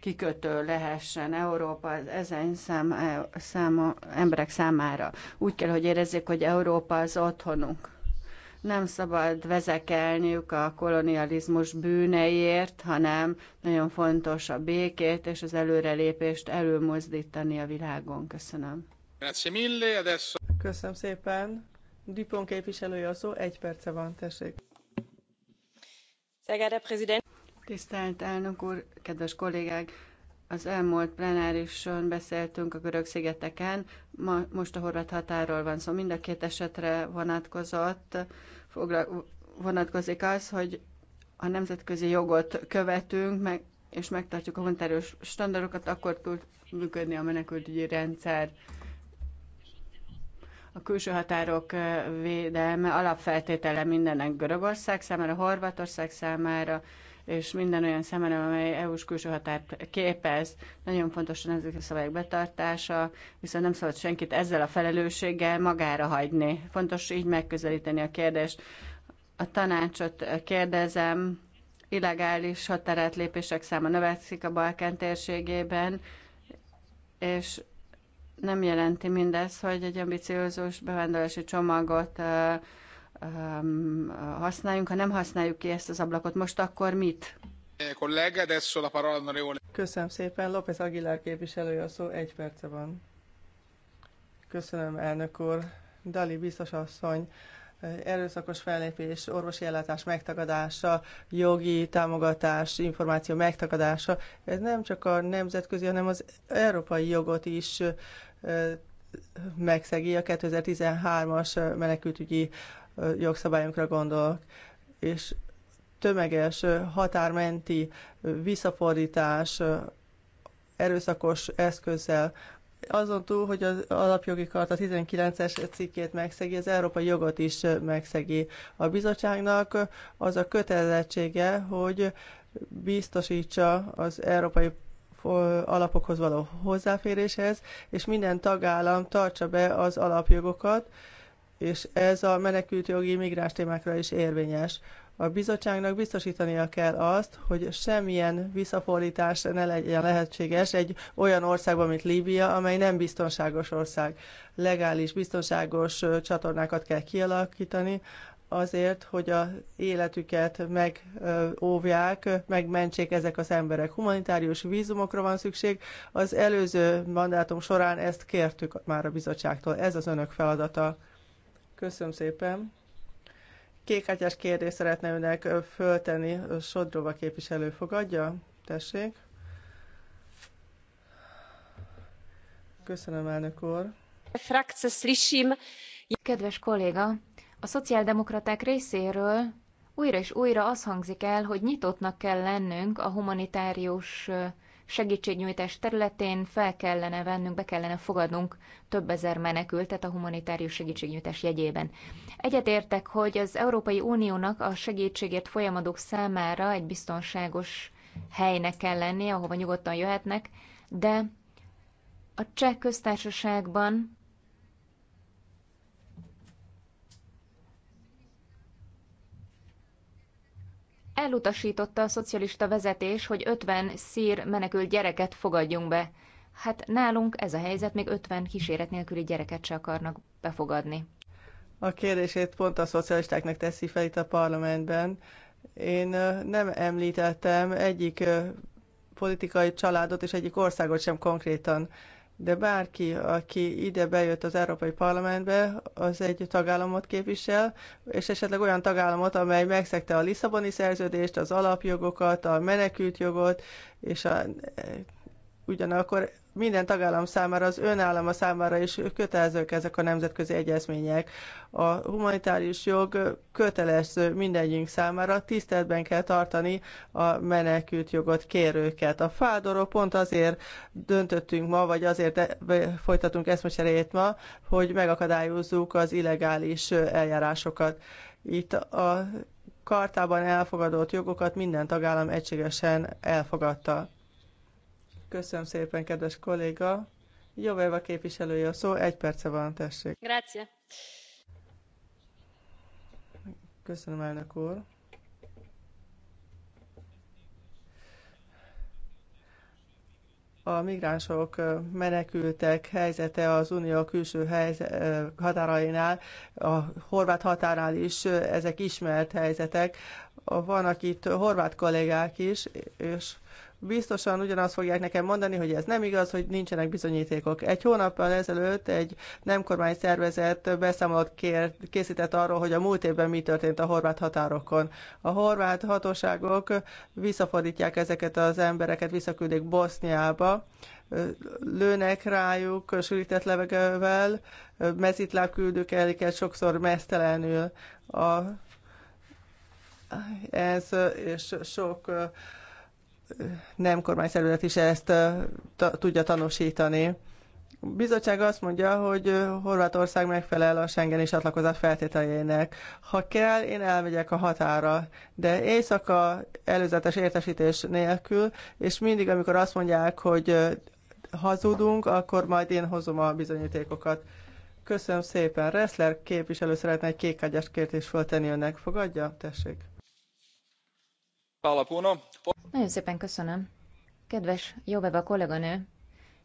kikötő lehessen Európa az ezen szám, e, száma, emberek számára. Úgy kell, hogy érezzék, hogy Európa az otthonunk. Nem szabad vezekelniük a kolonializmus bűneiért, hanem nagyon fontos a békét és az előrelépést előmozdítani a világon. Köszönöm. Köszönöm szépen. Dupont képviselője a szó, egy perce van, tessék. Szegára, prezident. Tisztelt elnök úr, kedves kollégák! Az elmúlt plenárison beszéltünk a görög szigeteken, ma, most a horvát határól van szó. Szóval mind a két esetre vonatkozott, fogla, vonatkozik az, hogy a nemzetközi jogot követünk, meg, és megtartjuk a humanitárius standardokat, akkor tud működni a menekültügyi rendszer. A külső határok védelme alapfeltétele mindennek Görögország számára, Horvátország számára, és minden olyan szemben, amely EU-s külső határt képez. Nagyon ezek a szabályok betartása, viszont nem szabad senkit ezzel a felelősséggel magára hagyni. Fontos így megközelíteni a kérdést. A tanácsot kérdezem, illegális lépések száma növekszik a Balkán térségében, és nem jelenti mindez, hogy egy ambiciózus bevándorlási csomagot használjunk. Ha nem használjuk ki ezt az ablakot most, akkor mit? Köszönöm szépen. López Aguilar képviselő a szó, egy perce van. Köszönöm, elnök úr. Dali biztos asszony, erőszakos fellépés, orvosi ellátás megtagadása, jogi támogatás, információ megtagadása, ez nem csak a nemzetközi, hanem az európai jogot is megszegi a 2013-as menekültügyi jogszabályunkra gondolok, és tömeges határmenti visszafordítás erőszakos eszközzel, azon túl, hogy az alapjogi karta 19-es cikkét megszegi, az európai jogot is megszegi. A bizottságnak az a kötelezettsége, hogy biztosítsa az európai alapokhoz való hozzáféréshez, és minden tagállam tartsa be az alapjogokat, és ez a menekültjogi migráns témákra is érvényes. A bizottságnak biztosítania kell azt, hogy semmilyen visszafordítás ne legyen lehetséges egy olyan országban, mint Líbia, amely nem biztonságos ország. Legális, biztonságos csatornákat kell kialakítani, azért, hogy a életüket megóvják, megmentsék ezek az emberek. Humanitárius vízumokra van szükség. Az előző mandátum során ezt kértük már a bizottságtól. Ez az önök feladata. Köszönöm szépen. Kékátyás kérdést szeretne önnek föltenni. Sodrova képviselő fogadja? Tessék. Köszönöm, elnök úr. Kedves kolléga, a szociáldemokraták részéről újra és újra az hangzik el, hogy nyitottnak kell lennünk a humanitárius segítségnyújtás területén fel kellene vennünk, be kellene fogadnunk több ezer menekültet a humanitárius segítségnyújtás jegyében. Egyetértek, hogy az Európai Uniónak a segítségért folyamadók számára egy biztonságos helynek kell lennie, ahova nyugodtan jöhetnek, de a cseh köztársaságban elutasította a szocialista vezetés, hogy 50 szír menekült gyereket fogadjunk be. Hát nálunk ez a helyzet, még 50 kíséret nélküli gyereket se akarnak befogadni. A kérdését pont a szocialistáknak teszi fel itt a parlamentben. Én nem említettem egyik politikai családot és egyik országot sem konkrétan de bárki, aki ide bejött az Európai Parlamentbe, az egy tagállamot képvisel, és esetleg olyan tagállamot, amely megszegte a Lisszaboni szerződést, az alapjogokat, a menekült jogot, és a, eh, ugyanakkor minden tagállam számára, az önállama számára is kötelezők ezek a nemzetközi egyezmények. A humanitárius jog kötelező mindegyünk számára, tiszteletben kell tartani a menekült jogot kérőket. A fádoró pont azért döntöttünk ma, vagy azért e- folytatunk eszmecserét ma, hogy megakadályozzuk az illegális eljárásokat. Itt a kartában elfogadott jogokat minden tagállam egységesen elfogadta. Köszönöm szépen, kedves kolléga. a képviselője a szó, egy perce van, tessék. Grazie. Köszönöm, elnök úr. a migránsok menekültek helyzete az unió külső helyze, határainál, a horvát határnál is ezek ismert helyzetek. Vannak itt horvát kollégák is, és biztosan ugyanazt fogják nekem mondani, hogy ez nem igaz, hogy nincsenek bizonyítékok. Egy hónappal ezelőtt egy nem kormány szervezet beszámolót kér, készített arról, hogy a múlt évben mi történt a horvát határokon. A horvát hatóságok visszafordítják ezeket az embereket, visszaküldik Boszniába, lőnek rájuk sűrített levegővel, mezitláb küldük el sokszor mesztelenül. A, ez és sok nem kormányszerület is ezt tudja tanúsítani. A bizottság azt mondja, hogy Horvátország megfelel a és csatlakozás feltételeinek. Ha kell, én elmegyek a határa, de éjszaka előzetes értesítés nélkül, és mindig, amikor azt mondják, hogy hazudunk, akkor majd én hozom a bizonyítékokat. Köszönöm szépen. Ressler képviselő szeretne egy kékhágyas kérdést föltenni önnek. Fogadja? Tessék. Nagyon szépen köszönöm. Kedves Joveva kolléganő,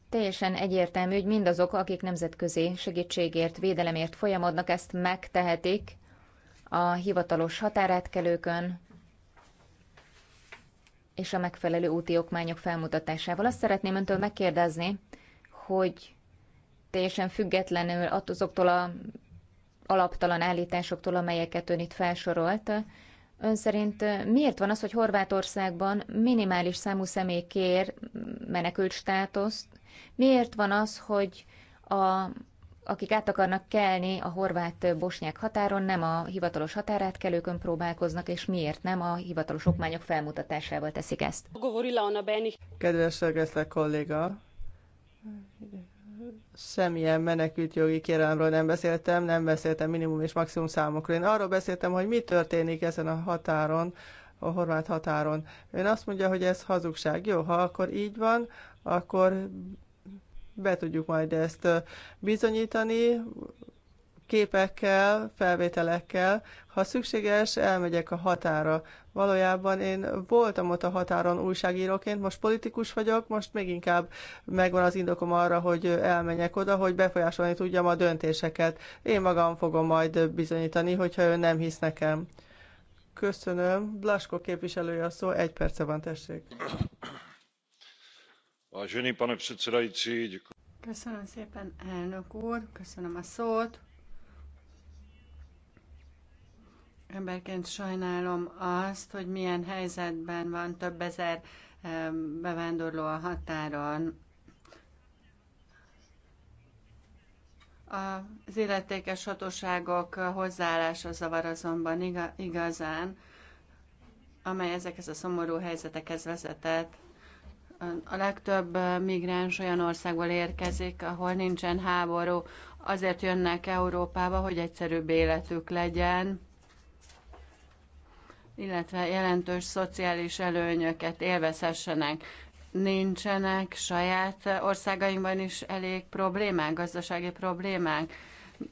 teljesen egyértelmű, hogy mindazok, akik nemzetközi segítségért, védelemért folyamodnak, ezt megtehetik a hivatalos határátkelőkön és a megfelelő úti okmányok felmutatásával. Azt szeretném öntől megkérdezni, hogy teljesen függetlenül azoktól a alaptalan állításoktól, amelyeket ön itt felsorolt, Ön szerint miért van az, hogy Horvátországban minimális számú személy kér menekült státuszt? Miért van az, hogy a, akik át akarnak kelni a horvát-bosnyák határon, nem a hivatalos határátkelőkön próbálkoznak, és miért nem a hivatalos okmányok felmutatásával teszik ezt? Kedves Szögeszle kolléga, semmilyen menekült jogi kérelemről nem beszéltem, nem beszéltem minimum és maximum számokról. Én arról beszéltem, hogy mi történik ezen a határon, a horvát határon. Ön azt mondja, hogy ez hazugság. Jó, ha akkor így van, akkor be tudjuk majd ezt bizonyítani, képekkel, felvételekkel. Ha szükséges, elmegyek a határa. Valójában én voltam ott a határon újságíróként, most politikus vagyok, most még inkább megvan az indokom arra, hogy elmenjek oda, hogy befolyásolni tudjam a döntéseket. Én magam fogom majd bizonyítani, hogyha ő nem hisz nekem. Köszönöm. Blaskó képviselője a szó, egy perce van, tessék. Vážený pane Köszönöm szépen, elnök úr, köszönöm a szót. Emberként sajnálom azt, hogy milyen helyzetben van több ezer bevándorló a határon. Az illetékes hatóságok hozzáállása zavar azonban igazán, amely ezekhez a szomorú helyzetekhez vezetett. A legtöbb migráns olyan országból érkezik, ahol nincsen háború, azért jönnek Európába, hogy egyszerűbb életük legyen illetve jelentős szociális előnyöket élvezhessenek. Nincsenek saját országainkban is elég problémák, gazdasági problémák.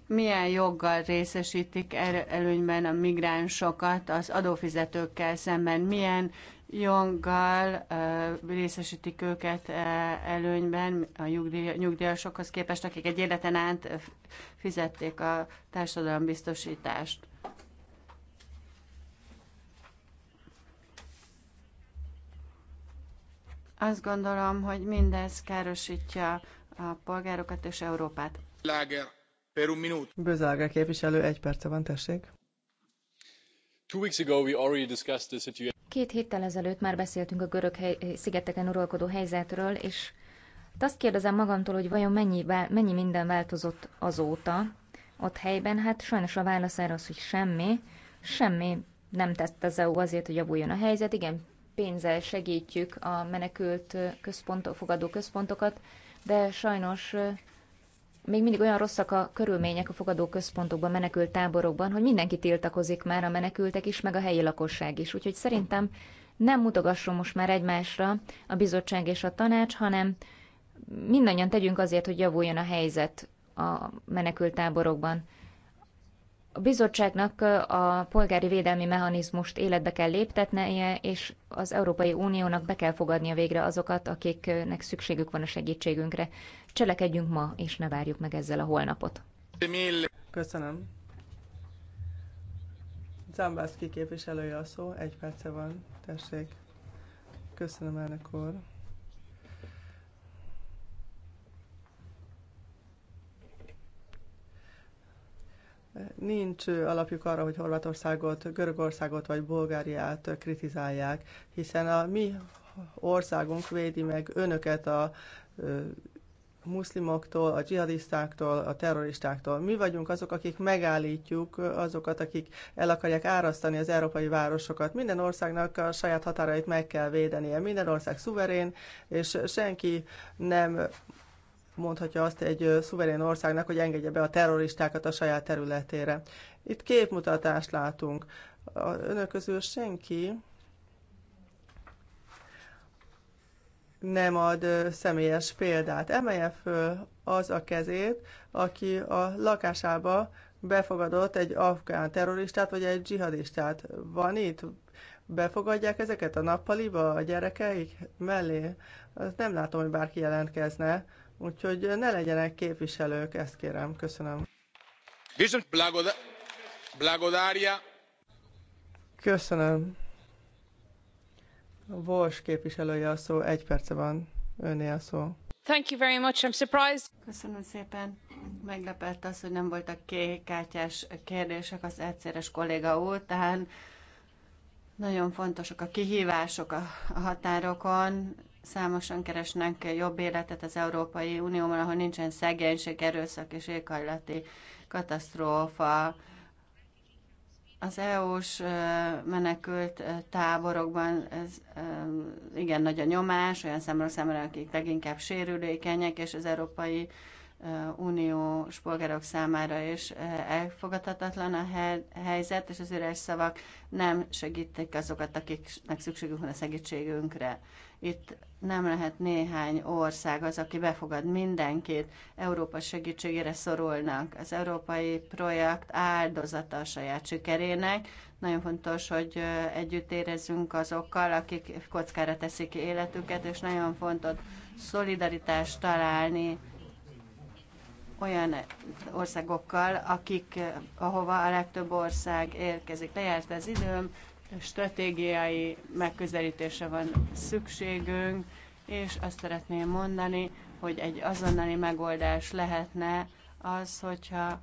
Milyen joggal részesítik előnyben a migránsokat az adófizetőkkel szemben? Milyen joggal uh, részesítik őket uh, előnyben a nyugdíj, nyugdíjasokhoz képest, akik egy életen át fizették a társadalombiztosítást? Azt gondolom, hogy mindez károsítja a polgárokat és Európát. Lager, per un minut. Bözelge képviselő, egy perce van, tessék. Two weeks ago we already discussed situation. Két héttel ezelőtt már beszéltünk a görög hely, szigeteken uralkodó helyzetről, és azt kérdezem magamtól, hogy vajon mennyi, mennyi minden változott azóta ott helyben. Hát sajnos a válasz erre az, hogy semmi. Semmi nem tett az EU azért, hogy javuljon a helyzet. Igen, pénzzel segítjük a menekült központok, fogadó központokat, de sajnos még mindig olyan rosszak a körülmények a fogadó központokban, menekült táborokban, hogy mindenki tiltakozik már, a menekültek is, meg a helyi lakosság is. Úgyhogy szerintem nem mutogasson most már egymásra a bizottság és a tanács, hanem mindannyian tegyünk azért, hogy javuljon a helyzet a menekült táborokban. A bizottságnak a polgári védelmi mechanizmust életbe kell léptetnie, és az Európai Uniónak be kell fogadnia végre azokat, akiknek szükségük van a segítségünkre. Cselekedjünk ma, és ne várjuk meg ezzel a holnapot. Köszönöm. Zambászki képviselője a szó, egy perce van, tessék. Köszönöm, elnök úr. Nincs alapjuk arra, hogy Horvátországot, Görögországot vagy Bulgáriát kritizálják, hiszen a mi országunk védi meg önöket a muszlimoktól, a dzsihadistáktól, a terroristáktól. Mi vagyunk azok, akik megállítjuk azokat, akik el akarják árasztani az európai városokat. Minden országnak a saját határait meg kell védenie. Minden ország szuverén, és senki nem mondhatja azt egy szuverén országnak, hogy engedje be a terroristákat a saját területére. Itt képmutatást látunk. A önök közül senki nem ad személyes példát. Emelje föl az a kezét, aki a lakásába befogadott egy afgán terroristát, vagy egy dzsihadistát. Van itt? Befogadják ezeket a nappaliba a gyerekeik mellé? nem látom, hogy bárki jelentkezne. Úgyhogy ne legyenek képviselők, ezt kérem. Köszönöm. Viszont Blagodária. Köszönöm. Vos képviselője a szó, egy perce van. önné a szó. Thank you very much. I'm surprised. Köszönöm szépen. Meglepett az, hogy nem voltak kékkártyás kérdések az egyszeres kolléga után. Nagyon fontosak a kihívások a határokon, Számosan keresnek jobb életet az Európai Unióban, ahol nincsen szegénység, erőszak és éghajlati katasztrófa. Az EU-s menekült táborokban ez, igen nagy a nyomás, olyan számra számára, akik leginkább sérülékenyek, és az Európai uniós polgárok számára is elfogadhatatlan a helyzet, és az üres szavak nem segítik azokat, akiknek szükségük van a segítségünkre. Itt nem lehet néhány ország az, aki befogad mindenkit, Európa segítségére szorulnak. Az európai projekt áldozata a saját sikerének. Nagyon fontos, hogy együtt érezzünk azokkal, akik kockára teszik életüket, és nagyon fontos szolidaritást találni olyan országokkal, akik, ahova a legtöbb ország érkezik. Lejárt az időm, stratégiai megközelítése van szükségünk, és azt szeretném mondani, hogy egy azonnali megoldás lehetne az, hogyha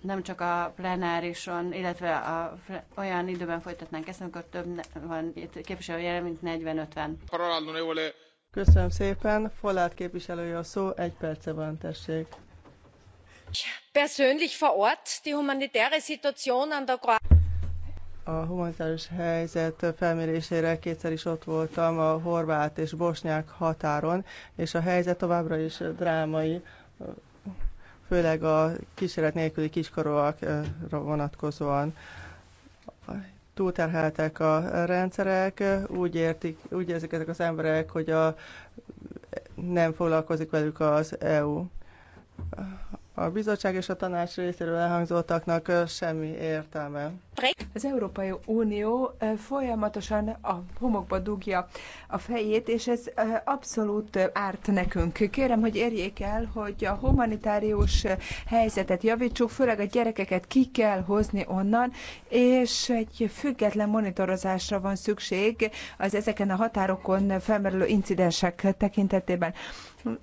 nem csak a plenárison, illetve a, olyan időben folytatnánk ezt, amikor több van képviselő jelen, mint 40-50. Köszönöm szépen. Follát képviselője a szó, egy perce van, tessék. Persönlich vor Ort die humanitäre Situation an der a humanitárius helyzet felmérésére kétszer is ott voltam a horvát és bosnyák határon, és a helyzet továbbra is drámai, főleg a kísérlet nélküli kiskorúakra vonatkozóan túlterheltek a rendszerek, úgy, értik, úgy érzik ezek az emberek, hogy a, nem foglalkozik velük az EU a bizottság és a tanács részéről elhangzottaknak semmi értelme. Az Európai Unió folyamatosan a homokba dugja a fejét, és ez abszolút árt nekünk. Kérem, hogy érjék el, hogy a humanitárius helyzetet javítsuk, főleg a gyerekeket ki kell hozni onnan, és egy független monitorozásra van szükség az ezeken a határokon felmerülő incidensek tekintetében.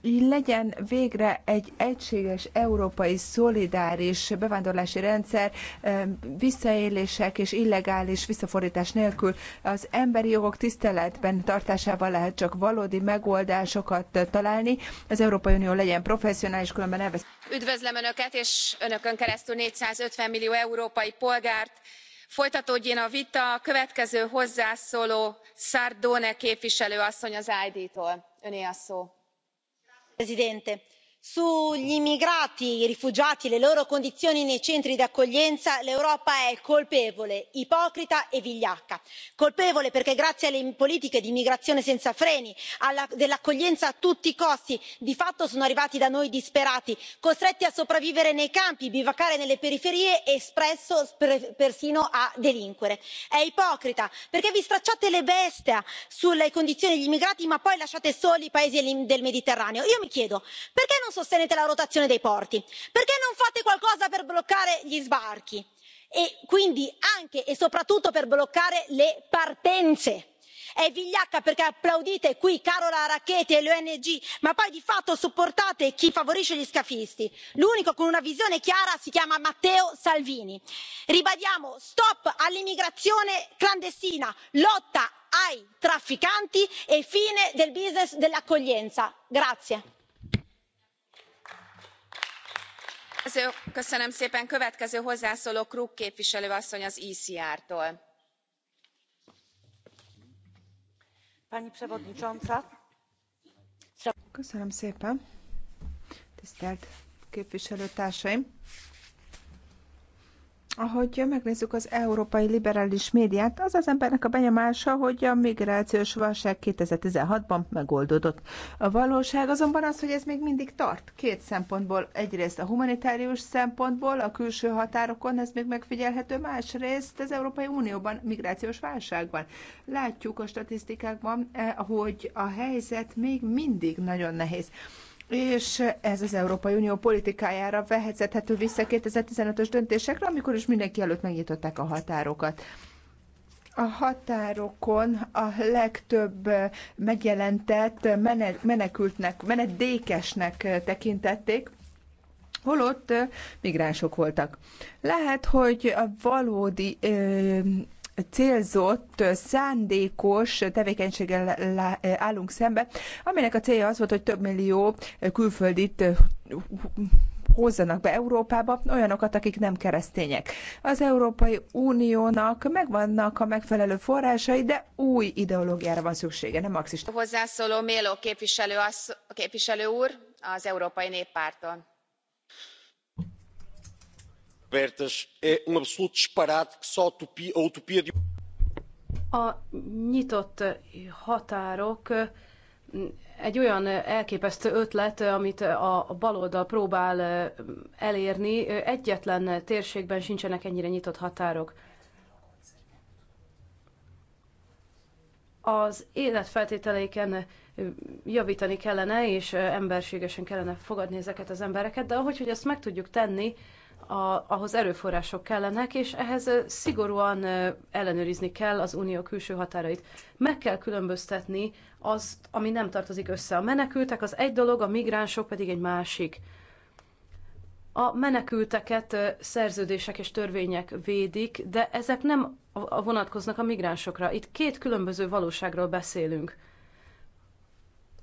Így Legyen végre egy egységes Európai európai szolidáris bevándorlási rendszer visszaélések és illegális visszafordítás nélkül az emberi jogok tiszteletben tartásával lehet csak valódi megoldásokat találni. Az Európai Unió legyen professzionális, különben elvesz. Üdvözlöm Önöket, és Önökön keresztül 450 millió európai polgárt. Folytatódjén a vita, a következő hozzászóló Sardone képviselő asszony az ID-tól. Öné a szó. Presidente sugli immigrati i rifugiati e le loro condizioni nei centri di accoglienza l'europa è colpevole ipocrita e vigliacca colpevole perché grazie alle politiche di immigrazione senza freni dell'accoglienza a tutti i costi di fatto sono arrivati da noi disperati costretti a sopravvivere nei campi bivaccare nelle periferie e spesso persino a delinquere. è ipocrita perché vi stracciate le vesti sulle condizioni degli immigrati ma poi lasciate soli i paesi del mediterraneo. io mi chiedo perché sostenete la rotazione dei porti? perché non fate qualcosa per bloccare gli sbarchi e quindi anche e soprattutto per bloccare le partenze? è vigliacca perché applaudite qui carola rackete e le ong ma poi di fatto supportate chi favorisce gli scafisti. l'unico con una visione chiara si chiama matteo salvini. ribadiamo stop all'immigrazione clandestina lotta ai trafficanti e fine del business dell'accoglienza. következő hozzászóló krug képviselő asszony az ecr tól. tisztelt képviselőtársaim! ahogy megnézzük az európai liberális médiát, az az embernek a benyomása, hogy a migrációs válság 2016-ban megoldódott. A valóság azonban az, hogy ez még mindig tart. Két szempontból. Egyrészt a humanitárius szempontból, a külső határokon ez még megfigyelhető, másrészt az Európai Unióban migrációs válságban. Látjuk a statisztikákban, eh, hogy a helyzet még mindig nagyon nehéz és ez az Európai Unió politikájára vehethethető vissza 2015-ös döntésekre, amikor is mindenki előtt megnyitották a határokat. A határokon a legtöbb megjelentett menekültnek, menedékesnek tekintették, holott migránsok voltak. Lehet, hogy a valódi célzott, szándékos tevékenységgel állunk szembe, aminek a célja az volt, hogy több millió külföldit hozzanak be Európába olyanokat, akik nem keresztények. Az Európai Uniónak megvannak a megfelelő forrásai, de új ideológiára van szüksége, nem marxista. Hozzászóló Méló képviselő, az, képviselő úr az Európai Néppárton abertas é um absoluto disparate que só a utopia de. A nyitott határok egy olyan elképesztő ötlet, amit a baloldal próbál elérni. Egyetlen térségben sincsenek ennyire nyitott határok. Az életfeltételeiken javítani kellene, és emberségesen kellene fogadni ezeket az embereket, de ahogy, hogy ezt meg tudjuk tenni, a, ahhoz erőforrások kellenek, és ehhez szigorúan ellenőrizni kell az unió külső határait. Meg kell különböztetni azt, ami nem tartozik össze. A menekültek az egy dolog, a migránsok pedig egy másik. A menekülteket szerződések és törvények védik, de ezek nem vonatkoznak a migránsokra. Itt két különböző valóságról beszélünk.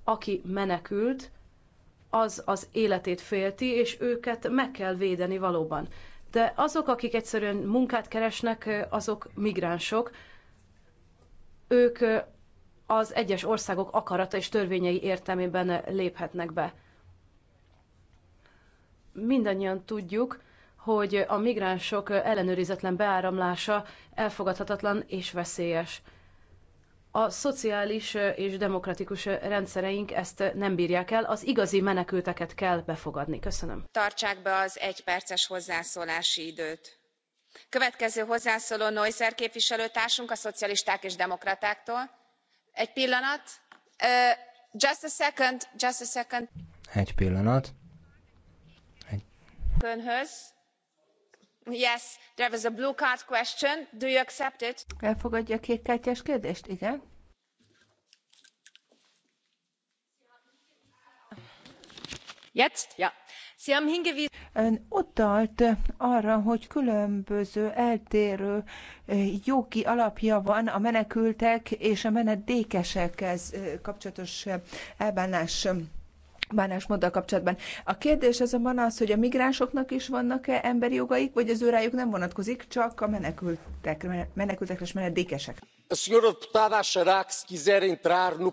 Aki menekült, az az életét félti, és őket meg kell védeni valóban. De azok, akik egyszerűen munkát keresnek, azok migránsok. Ők az egyes országok akarata és törvényei értelmében léphetnek be. Mindannyian tudjuk, hogy a migránsok ellenőrizetlen beáramlása elfogadhatatlan és veszélyes a szociális és demokratikus rendszereink ezt nem bírják el, az igazi menekülteket kell befogadni. Köszönöm. Tartsák be az egyperces hozzászólási időt. Következő hozzászóló Neuser képviselőtársunk a szocialisták és demokratáktól. Egy pillanat. Uh, just a second, just a second. Egy pillanat. Egy... Önhöz Yes, there was a blue card question. Do you accept it? Elfogadja a kékkártyás kérdést? Igen. Jetzt? Ja. Sie haben hingewiesen. Ön utalt arra, hogy különböző eltérő eh, jogi alapja van a menekültek és a menedékesekhez eh, kapcsolatos eh, elbánás bánásmóddal kapcsolatban. A kérdés azonban az, hogy a migránsoknak is vannak-e emberi jogaik, vagy az rájuk nem vonatkozik, csak a menekültek, menekültekre és menedékesek. A entrar no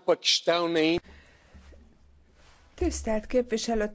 Tisztelt képviselőt